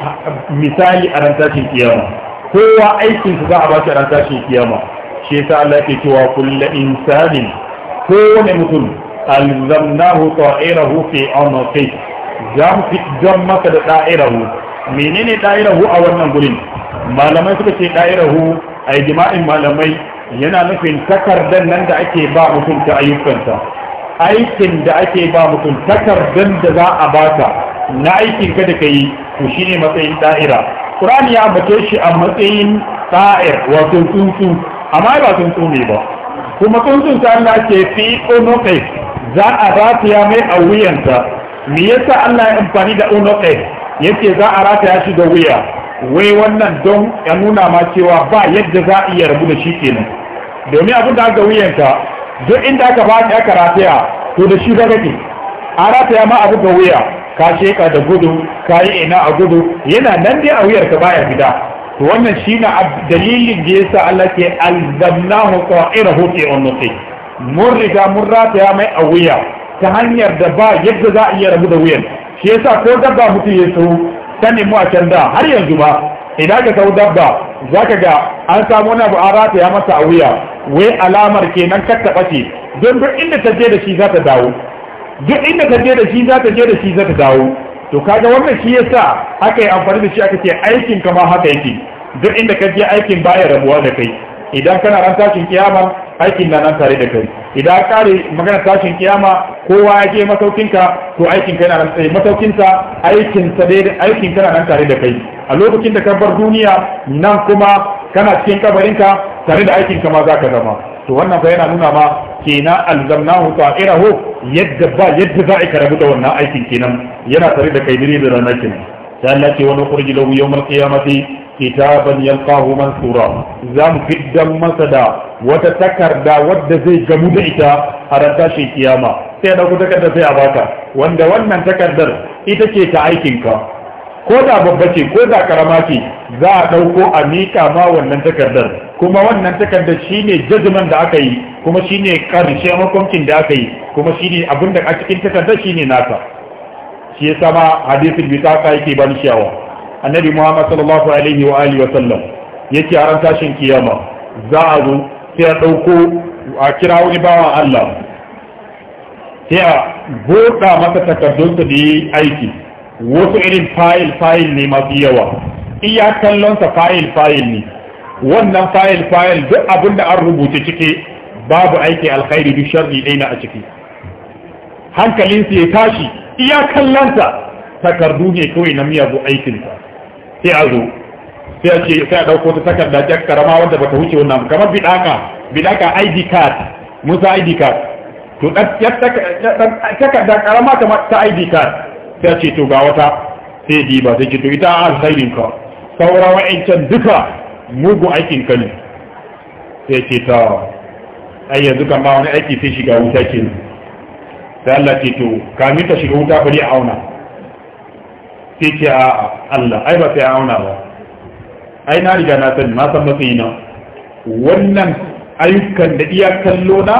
misali a ran iyawa. kiyama kowa aikin su za a bashi ran tashin kiyama shi yasa Allah yake cewa kullu insanin kowane mutum alzamnahu ta'irahu fi anqi za mu fiddan maka da da'irahu menene da'irahu a wannan gurin malamai suka ce da'irahu a jima'in malamai yana nufin takardar nan da ake ba mutum ta ayyukansa aikin da ake ba mutum takardar da za a baka na aikin ka da ka yi to shi matsayin da'ira ƙur'ani ya bace shi a matsayin da'ir wato tsuntsu amma ba tsuntsu ne ba kuma tsuntsun ta Allah ke fi unuqi za a rataya mai a wuyanta me yasa Allah ya amfani da unuqi yake za a rataya shi da wuya wai wannan don ya nuna ma cewa ba yadda za a iya rabu da shi kenan domin abin da aka wuyanta duk inda aka faɗi aka rataya to da shi ba ke a rataya ma abu ga wuya ka sheka da gudu ka yi ina a gudu yana nan dai a wuyar ka baya gida to wannan shi na dalilin da yasa Allah ke alzamnahu qa'irahu fi unuqi mun riga mun rataya mai a wuya ta hanyar da ba yadda za a iya rabu da wuyan shi yasa ko dabba mutum ya so sanin mu a can da har yanzu ba idan ka sau dabba zaka ga an samu wani abu a rataya masa a wuya wai alamar kenan kar taɓa ce don duk inda ta je da shi za ta dawo duk inda ta je da shi za ta je da shi za ta dawo to kaga wannan shi yasa aka yi amfani da shi aka ce aikin kama haka yake duk inda ka je aikin baya rabuwa da kai idan kana ran tashin kiyama aikin na nan tare da kai idan kare magana tashin kiyama kowa ya je ka to aikin kana nan tsaye sa aikin sa dai aikin kana nan tare da kai a lokacin da ka bar duniya nan kuma kana cikin ka tare da aikin kama za ka zama to wannan fa yana nuna ma kenan alzamnahu ta'irahu yadda ba yadda za a karabu da wannan aikin kenan yana tare da kai dire da rana kenan sai Allah ce wani kurji lahu yawmal qiyamati kitaban yalqahu mansura zam fiddan masa wata takarda wadda zai gamu da ita a ran shi kiyama sai da ku takarda sai a baka wanda wannan takardar ita ce ta aikinka ko da babba ce ko da karama ce za a ɗauko a miƙa ma wannan takardar kuma wannan takardar shine judgment da aka yi kuma shine karshe makwamcin da aka yi kuma shine abin da a cikin takardar shine nasa shi ya sama hadisin bi ta yake ban shawa annabi muhammad sallallahu alaihi wa alihi wa sallam yake a ran tashin kiyama za a zo sai a ɗauko a kira wani bawan allah sai a buɗa masa takardunsa da yi aiki wasu irin fayil fayil ne mafi yawa iya kallonsa fayil fayil ne wannan fayil fayil duk abin da an rubuta ciki babu aiki alkhairi duk sharri na a ciki hankalinsa ya tashi iya kallonsa takardu ne kawai na aikin aikinsa sai a zo sai a ce sai a ɗauko ta takarda jar karama wanda bata wuce wannan kamar bidaka bidaka id card musa id card to ɗan takarda karama ta id card ta ce to ga wata sai diba sai ce to ita alkhairin ka saura wa'ancan duka mugu aikin ka ne sai ce ta ai yanzu kan ba wani aiki sai shiga wuta ke sai Allah ce to kamin ta shiga wuta bari a auna sai ce a Allah ai ba sai a auna ba ai na riga na sani na san matsayi na wannan ayyukan da iya kallo na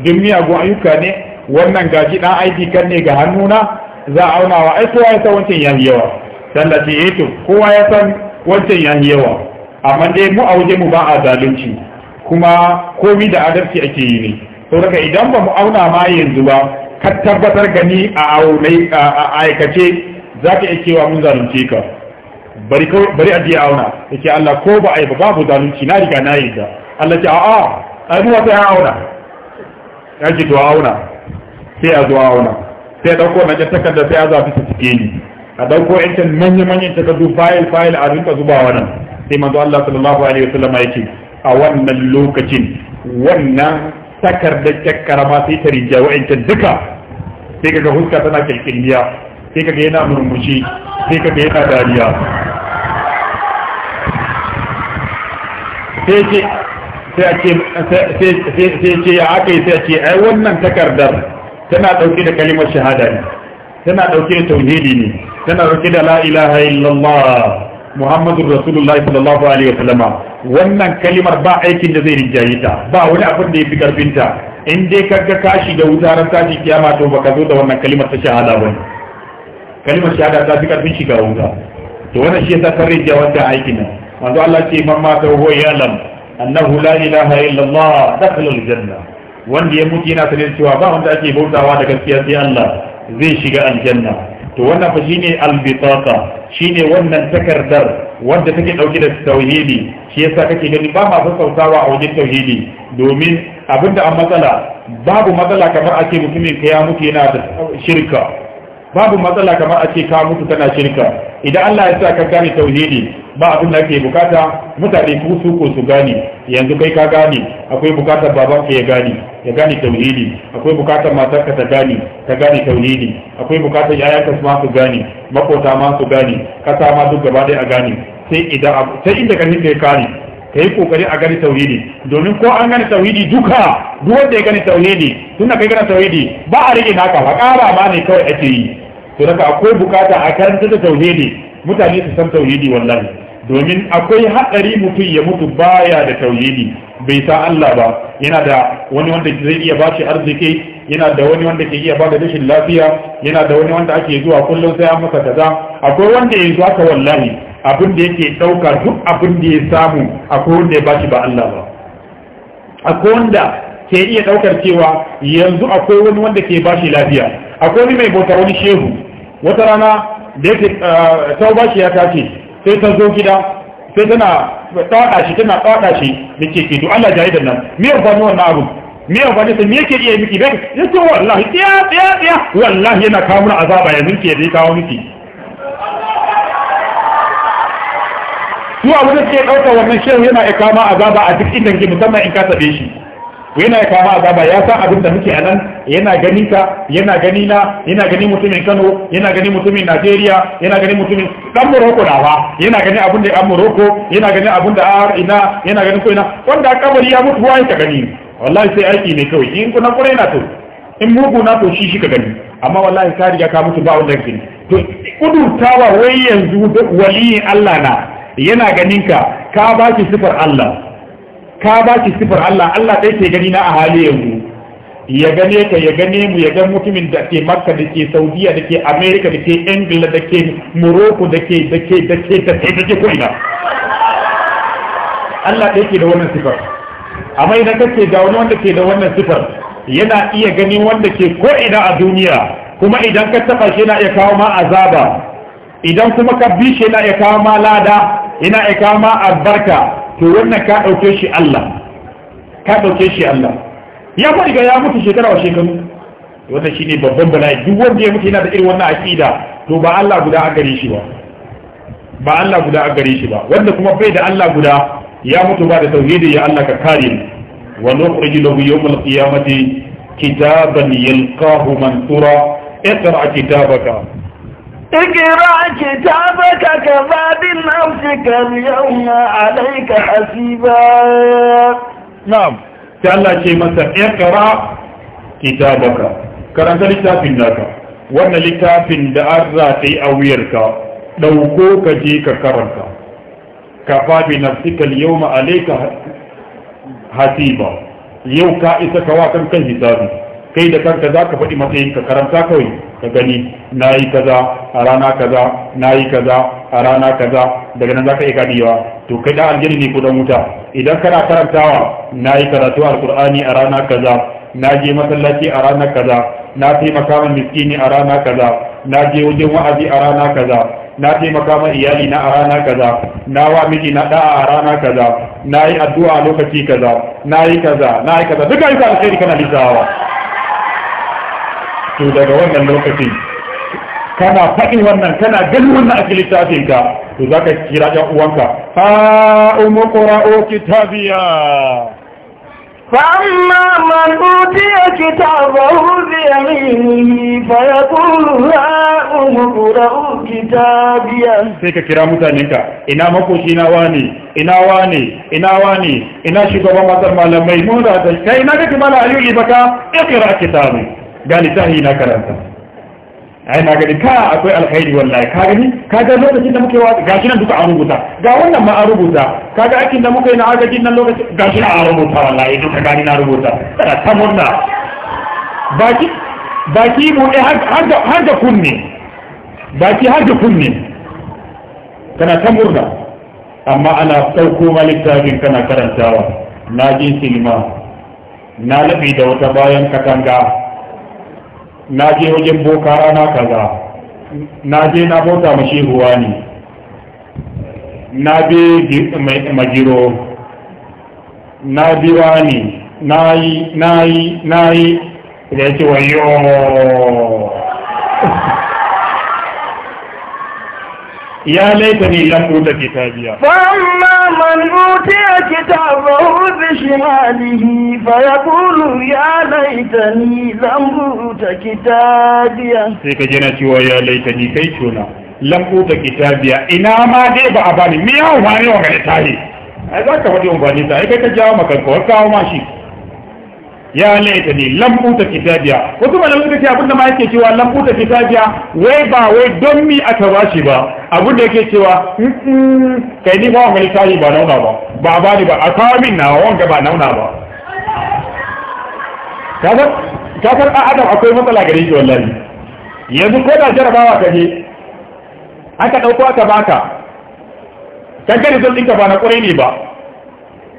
duk miyagun ayyuka ne wannan gaji ɗan aiki kan ne ga hannuna za a aunawa ai kowa ya san wancan ya yawa dan da ce eh to kowa ya san wancan ya yawa amma dai mu a waje mu ba a zalunci kuma komi da adalci ake yi ne to daga idan ba mu auna ma yanzu ba ka tabbatar gani a aunai a aikace za ka iya cewa mun zalunce ka bari bari a je auna yake Allah ko ba ai ba babu zalunci na riga na da Allah ce a'a ai mu wata ya auna ya ce to auna sai a zo auna sai dauko na ga takarda sai aza su cike ni a dauko yancin manya manya ta takardu fayil fayil a rinka zubawa nan sai manzo Allah sallallahu alaihi wasallam yake a wannan lokacin wannan takarda kyakkara ma sai ta rinja wa'ancan duka sai kaga huska tana kilkiliya sai kaga yana murmushi sai kaga yana dariya sai ce sai ce ya aka sai ce ai wannan takardar tana ɗauke da kalimar shahada ne tana ɗauke da tauhidi ne tana ɗauke da la ilaha illallah muhammadur rasulullah sallallahu alaihi wa sallama wannan kalimar ba aikin da zai rinjaye ta ba wani abin da yafi karfin ta in dai kaga kashi da wuta ran tashi kiyama to baka zo da wannan kalimar ta shahada ba kalimar shahada ta fi karfin shiga wuta to wannan shi yasa kan rinjaye wannan aikin nan manzo Allah ce man mata huwa ya'lam annahu la ilaha illallah dakhala aljanna wanda ya mutu yana sanin cewa ba wanda ake bautawa da gaskiya sai Allah zai shiga aljanna to wannan fa shine albitaka shine wannan takardar wanda take dauke da tauhidi shi yasa kake gani ba ma sautawa a wajen tauhidi domin abinda an matsala babu matsala kamar ake mutumin ka ya mutu yana da shirka babu matsala kamar a ce ka mutu tana shirka idan Allah ya sa ka gane tauhidi ba abin da ake bukata mutane ku su ko su gane yanzu kai ka gane akwai bukatar baban ka ya gane ya gane tauhidi akwai bukatar matar ka ta gane ta gane tauhidi akwai bukatar yayan ka ma su gane makota ma su gane kasa ma duk gaba dai a gane sai idan sai inda ka nika ka ne ka kokari a gani tauhidi domin ko an gani tauhidi duka duk wanda ya gani tauhidi tunda kai gani tauhidi ba a rage naka ba ma ne kawai ake yi to daga akwai bukata a karanta da tauhidi mutane su san tauhidi wallahi domin akwai haɗari mutum ya mutu baya da tauhidi bai sa Allah ba yana da wani wanda zai iya ba shi arziki yana da wani wanda ke iya ba da rashin lafiya yana da wani wanda ake zuwa kullum sai an masa kaza akwai wanda ya zuwa ka wallahi abin da yake ɗauka duk abin da ya samu akwai wanda ya ba shi ba Allah ba akwai wanda ke iya ɗaukar cewa yanzu akwai wani wanda ke ba shi lafiya akwai wani mai bautar wani shehu wata rana da yake eh, tauba shi ya tace sai ta zo gida sai tana tsada shi tana tsada shi da ke ke to Allah jayi da nan me ya fani wannan abu me ya fani sai me yake iya miki bai ya ce wallahi tsiya tsiya tsiya wallahi yana kawo mana azaba ya miki ya kawo miki su abu da suke ɗauka wannan shehu yana ikama azaba a duk inda ke musamman in ka tabe shi yana ya kama azaba ya san abin da muke a nan yana gani ta yana gani yana gani mutumin Kano yana gani mutumin Najeriya yana gani mutumin dan Morocco da ba yana gani abin da an Morocco yana gani abin da ar ina yana gani ko ina wanda kabari ya mutu wani ka gani wallahi sai aiki ne kawai in kuna kure na to in mugu na to shi shi ka gani amma wallahi ka riga ka mutu ba wanda gani to kudurtawa wai yanzu duk waliyin Allah na yana ganin ka ka baki sifar Allah ka ba shi sifar Allah Allah dai ke gani na a hali yanzu ya gane ka ya gane mu ya ga mutumin da ke makka da ke saudiya da ke amerika da ke ingila da ke morocco da ke da ke da ke da ke da ke ko'ina Allah dai ke da wannan sifar amma idan ka ce ga wani wanda ke da wannan sifar yana iya gani wanda ke ko'ina a duniya kuma idan ka taɓa shi yana iya kawo ma azaba idan kuma ka bi shi yana iya kawo ma lada yana iya kawo ma albarka to wannan ka ɗauke shi Allah ka ɗauke shi Allah ya fa riga ya mutu shekara wa shekaru wannan ne babban bala'i duk wanda ya mutu yana da irin wannan aqida to ba Allah guda a gare shi ba ba Allah guda a gare shi ba wanda kuma bai da Allah guda ya mutu ba da tauhidi ya Allah ka kare mu wa nukhrij lahu yawm al-qiyamati kitaban yalqahu mansura اقرأ كتابك اقرأ كتابك كفى بنفسك اليوم عليك حسيبا نعم تعالى شيء مثلا اقرأ كتابك karanta littafin naka wannan littafin da an rataye a wuyarka ɗauko ka je ka karanta ka fabi nafsika yau ma'alaika hasiba yau ka isa kawa kan kan hisabi kai da kanka za ka faɗi matsayin ka karanta kawai ka gani na yi kaza a rana kaza na yi kaza a rana kaza daga nan za ka iya ganewa to kai da aljini ne ko dan wuta idan kana karantawa na yi karatu alkur'ani a rana kaza na je masallaci a rana kaza na taimaka ma miskini a rana kaza na je wajen wa'azi a rana kaza na taimaka ma iyali na a rana kaza na wa miji na da'a a rana kaza na yi addu'a a lokaci kaza na yi kaza na yi kaza duka yi alkhairi kana lissawa to daga wannan lokacin kana faɗi wannan kana gani wannan a littafin ka to za ka kira ɗan uwanka ha umu ƙura'o kitabiya فأما من أوتي كتابه بيمينه فيقول هاؤم اقرءوا kitabiya sai ka kira mutanenka ina makoci ina wani ina wani ina wani ina shugaban matsar malamai mu da kai na ga kimala aliyu ibaka ikra kitabi ga littafi na karanta ai na gani ka akwai alkhairi wallahi ka gani ka ga lokacin da muke wa gashi nan duka an rubuta ga wannan ma an rubuta ka ga aikin da muka yi na agaji nan lokacin gashi nan an rubuta wallahi duka gani na rubuta kana ta murna baki baki mu eh har da kunne baki har da kunne kana ta murna amma ana sauko ma littafin kana karantawa na ji silma na labi da wata bayan katanga na je wajen boka rana kaza na je na bauta ma shehuwa ne na bi magiro na biwa ne na yi na yi na yi da ya ce ya laita ni lan uta kitabiya amma man utiya kitabahu bi shimalihi fa yaqulu ya laitani lan uta kitabiya sai ka jina ciwa ya laitani kai tuna lan uta kitabiya ina ma dai ba a bani miya wani wani tahi ai za ka wani wani tahi kai ka jawo makanko ka kawo mashi ya laita ne lambuta kitabiya wasu malamai suka ce abun da ma yake cewa lambuta kitabiya wai ba wai don mi a taba shi ba Abun da yake cewa kai ni ba wanga littafi ba nauna ba ba ba ni ba a kawo min na wanga ba nauna ba kasar a adam akwai matsala gare shi wallahi yanzu ko da jarabawa ka je aka ɗauko aka baka kankan ka result ɗinka ba na ƙwarai ne ba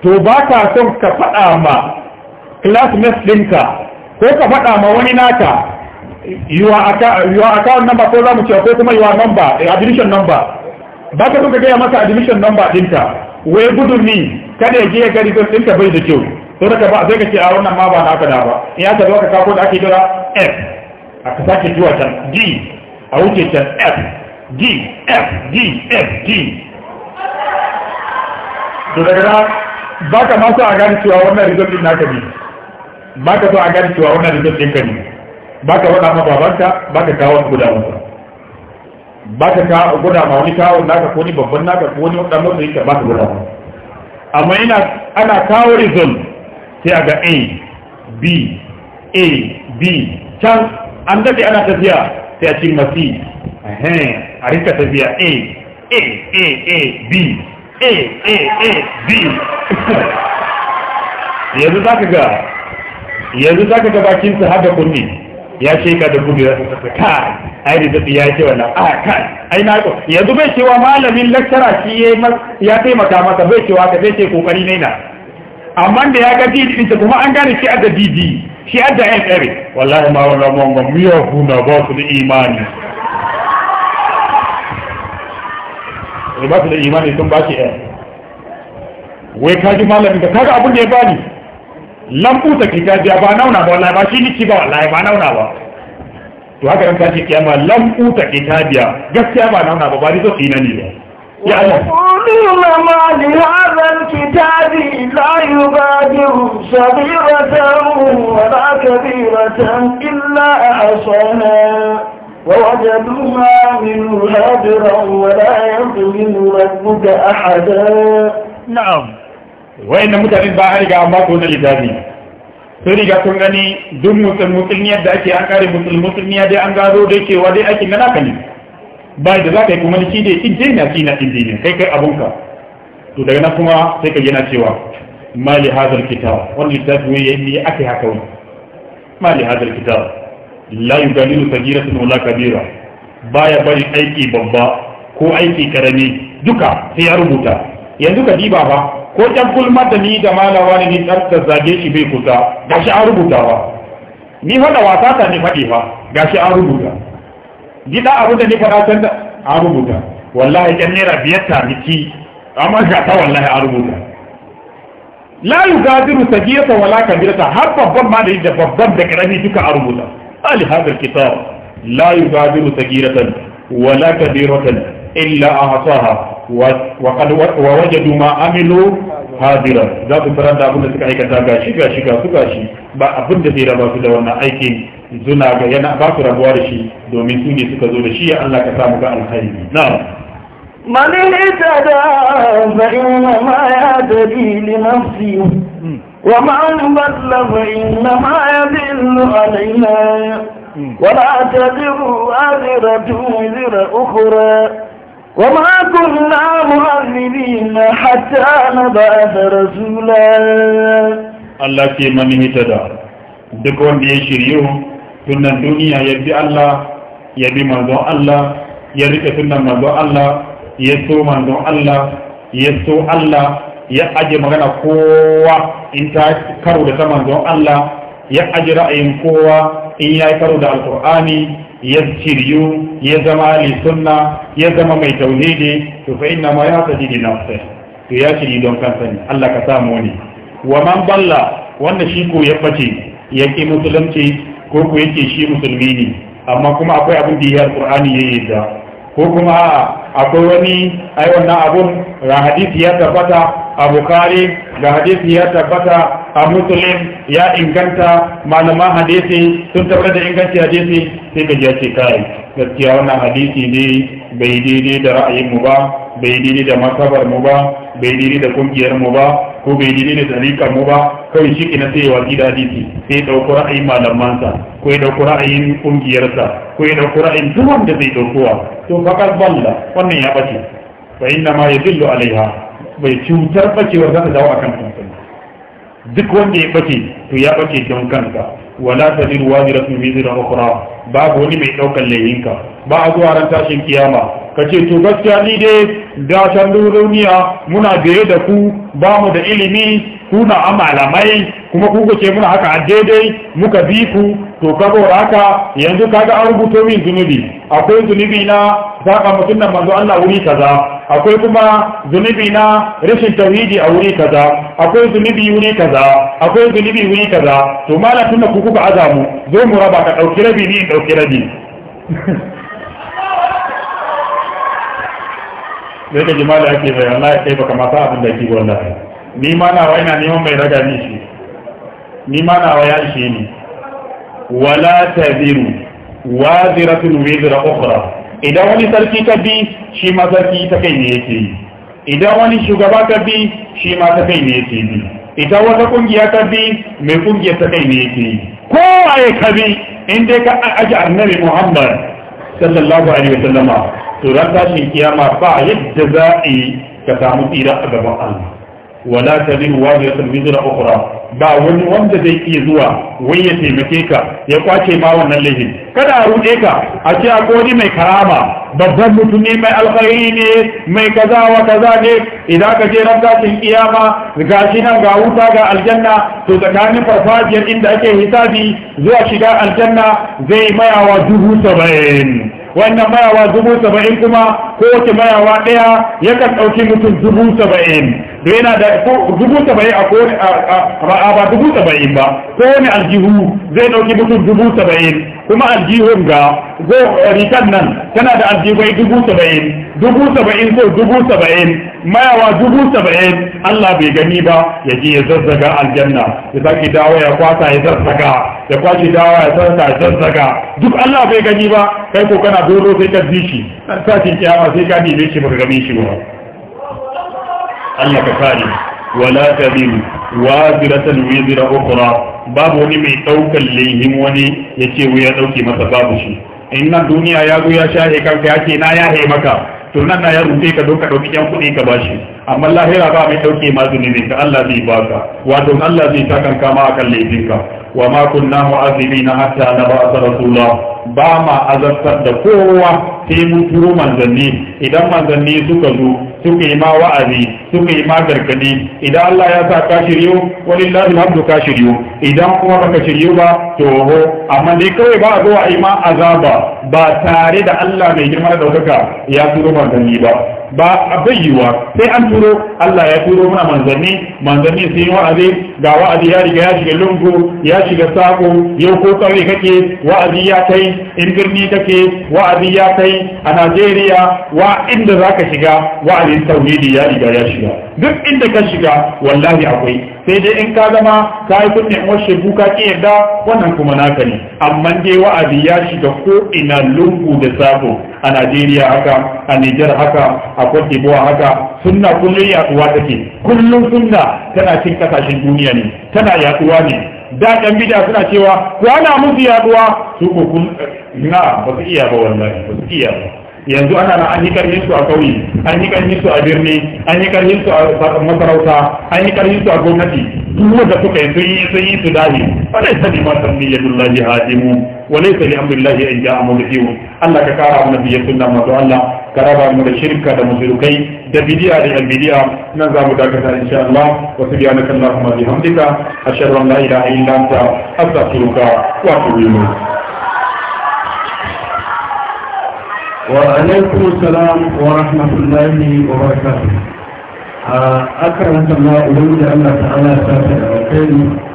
to ba ka son ka faɗa ma classmates ɗinka ko ka faɗa ma wani naka yiwa account number ko za mu cewa ko kuma yiwa number eh, admission number ba ka ka gaya masa admission number ɗinka wai gudun ni kada ya je ya gari don ɗinka bai da kyau to daga ba zai ka ce a wannan ma ba ka da ba in aka zo ka kako da ake kira f ka sake zuwa can d a wuce can f d f d f d to daga ba ka masu a gani cewa wannan result ɗin naka ne ba ka so a gani cewa wannan result ɗinka ne ba ka waɗa ma babanta ba ka kawo wani guda masa ba ka kawo guda ma wani kawo naka ko ni babban naka ko ni ɗan motsa yake ba ka guda ma amma ina ana kawo rizon sai a ga a b a b can an daɗe ana tafiya sai a cimma c a rinka tafiya a a a a b a a a b (laughs) yanzu za ka ga yanzu za ka ga bakin su haka kunni ya ce ka da gudu ya ka ai da zabi ya ce wannan a ah, ka ai na ko yanzu bai cewa malamin lecturer shi ya ya taimaka maka bai cewa ka bai ce kokari ne na amma da ya ga didi din kuma an gane shi a adda didi shi a da tsare wallahi ma wannan mun ga miya kuna ba su da imani ba su da imani sun ba shi yan wai kaji malamin ka kaga abin da ya bani nan kuta kitabiya ba nauna ba wallahi ba shi ni ci ba wallahi ba nauna ba to haka ran tashi kiyama lan kuta kitabiya gaskiya ba nauna ba ba ni so tsina ne ba ya Allah qulil ma li hadha alkitabi la yubadiru sabiratan wa la kabiratan illa ahsana ووجدوا ما منه هاجرا ولا يظلم ربك أحدا نعم wayanna mutane ba a riga amma ko na wannan littafi sun riga sun gani duk musulmiyar da ake an kare ya dai an da dai cewa dai aikin na ne ba da za ka yi kuma shi dai in dai na shi na in kai kai abunka to daga nan kuma sai ka gina cewa mali hazar kitab wannan littafi ne yayi ake haka wani mali hazar kitab la yugadilu sagiratan wala kabira baya bari aiki babba ko aiki karami duka sai ya rubuta yanzu ka diba ba ko ɗan kulmar da ni da malawa ne ni ɗan ta zage shi bai kusa ga shi an rubuta ba ni hada wasa ta ni faɗi ba ga shi an rubuta gida abin da ni faɗa can da an rubuta wallahi ɗan naira biyar ta miki amma ga ta wallahi an rubuta la yugadiru sagirata wala kabirata har babban ma da yi da babban da ƙarami duka an rubuta ali hadal kitab la yugadiru sagiratan wala kabiratan illa ahsaha wa qad wa wajadu ma amilu hadira za ku fara da abinda suka aikata gashi gashi ga su gashi ba abinda zai raba su da wannan aikin zuna ga yana ba su rabuwa da shi domin su suka zo da shi ya Allah ka samu ga alkhairi na'am من اهتدى فإنما يهتدي لنفسه ومن ضل فإنما يضل عليها ولا تزر وازرة وزر أخرى وما كنا معذبين حتى نبعث رسولا الله كي من هتدى دكون دي شريو تنا الدنيا يبي الله يبي منظو الله يريك تنا منظو الله يسو منظو الله يسو الله ya aje magana kowa in ta karo da ta manzon Allah ya aje ra'ayin kowa in ya yi karo da alkur'ani ya shiryu ya zama ali sunna ya zama mai tauhidi to fa inna ma ya tadi li nafsi to ya shiri don kansa ne Allah ka samu ne wa man balla wanda shi ko ya bace ki musulunci ko ko yake shi musulmi ne amma kuma akwai abin da ya alqur'ani ya yi da ko kuma akwai wani ai wannan abun ga hadisi ya tabbata a bukari ga hadisi ya tabbata a muslim ya inganta malaman hadisi sun tabbata da inganci hadisi sai ka ce kai gaskiya wannan hadisi ne bai daidai da ra'ayin mu ba bai daidai da masabar mu ba bai daidai da kungiyar mu ba ko bai daidai da tsarikar mu ba kawai shi na sai gida gida hadisi sai ya dauko ra'ayin malamansa ko ya dauko ra'ayin kungiyarsa ko ya dauko ra'ayin duk wanda zai daukowa to fakar balla wannan ya bace fa inna ma yadillu alaiha bai cutar bacewar za ta dawo akan kansa duk wanda ya bace to ya bace don kansa wala taziru waziratun wizra ukhra babu wani mai daukan layinka ba a zuwa ran tashin kiyama ce to gaskiya ni dai da san duniya muna biye da ku ba mu da ilimi ku kuna amalamai kuma ku ce muna haka a daidai muka bi ku to kago haka yanzu kaga an rubuto min zunubi akwai zunubi na saba mutum manzo Allah wuri kaza akwai kuma zunubi na rashin tauhidi a wuri kaza akwai zunubi wuri kaza akwai zunubi wuri kaza to mala tunna ku kuka azamu zo mu raba ka dauki rabi ni dauki rabi (laughs) sai ka ji mala ake mai wallahi kai baka masa abin da ke wallahi ni ma na wai na neman mai raga ni shi ni ma na wai ya ishe ni wala taziru waziratun wizra ukhra idan wani sarki ka bi shi ma sarki ta kai ne yake yi idan wani shugaba ka bi shi ma ta kai ne yake yi idan wata kungiya ka bi mai kungiyar ta kai ne yake yi kowaye ka bi in dai ka aji annabi muhammad sallallahu alaihi wasallama to ran tashin kiyama ba yadda za a yi ka samu tsira a gaban allah wala tadiru waziratan wizra ukhra ba wani wanda zai iya zuwa wai ya taimake ka ya kwace ma wannan laifin kada a rude ka a ce a kodi mai karama babban mutumi mai alkhairi ne mai kaza wa kaza ne idan ka je ranka cikin kiyama ga shi nan ga wuta ga aljanna to tsakanin farfajiyar inda ake hisabi zuwa shiga aljanna zai mayawa dubu saba'in wannan mayawa dubu saba'in kuma kowace mayawa ɗaya yakan ɗauki mutum dubu saba'in da yana da dubu saba'in a kone a ba dubu saba'in ba kowane aljihu zai ɗauki mutum dubu saba'in kuma aljihun ga go eh, rikan nan tana da aljihai dubu saba'in dubu saba'in ko dubu saba'in mayawa dubu saba'in Allah bai gani ba ya ji ya zazzaga aljanna ya saki dawo ya kwasa ya zazzaga ya kwashi dawo ya sarka ya zazzaga duk Allah bai gani ba kai ko kana doro sai ka zishi shi sai ka kiyama sai ka nime shi baka gani shi ba Allah ka kare wala tabiru waziratan wizra ukhra babu wani mai daukan laihin wani yace wai ya dauke masa babu shi in nan duniya ya zo ya shahe kanka ya ce na he maka to nan na ya rufe ka doka ka dauki yan kuɗi ka bashi amma lahira ba mai dauke ma zunubin ka Allah zai baka wato Allah zai takan ma akan lehinka wa ma kunna mu'azzibina hatta naba'atha rasulullah ba ma azabtar da kowa sai mun turo manzanni idan manzanni suka zo suka yi ma wa'azi suka yi ma gargadi idan Allah ya sa ka shiryu walillahi alhamdu ka shiryu idan kuma baka shiryu ba to ho amma dai kawai ba a zo a yi ma azaba ba tare da Allah mai girma da daukaka ya turo manzanni ba ba a bayyuwa sai an turo Allah ya turo mana manzanni manzanni sun yi wa'azi ga wa'azi ya riga ya shiga lungu ya shiga sako yau ko kawai kake wa'azi ya kai in birni kake wa'azi ya kai a Najeriya wa inda zaka shiga wa'azi sha'anin tauhidi ya riga ya shiga duk inda ka shiga wallahi akwai sai dai in ka zama ka yi kunne washe buka ki yadda wannan kuma naka ne amma dai wa'azi ya shiga ko ina lungu da sabo a Najeriya haka a niger haka a Cote d'Ivoire haka sunna kullun yaduwa take kullun sunna tana cin kasashen duniya ne tana yaduwa ne da ɗan bida suna cewa ko ana musu yaduwa su ko kun na ba su iya ba wallahi ba su iya ba yanzu ana na an yi karhin su a kauye an yi karhin su a birni an yi karhin su a masarauta an yi karhin su a gwamnati duk wanda suka yi sun yi sun yi su dahi walai sani ma sanni yadullahi hadimu walai sani amrullahi an ja'a mulhiyu Allah ka kara mu nabiyyi sunna ma Allah ka raba mu da shirka da musulkai da bidiya da yan bidiya nan za mu dakata insha Allah wa subhanaka allahumma bihamdika ashhadu an la ilaha illa anta astaghfiruka wa atubu wa'alaikun salam wa rahmatullahi wa barakatuh a aka ubangiji allah ta'ala ta ta da alkhairi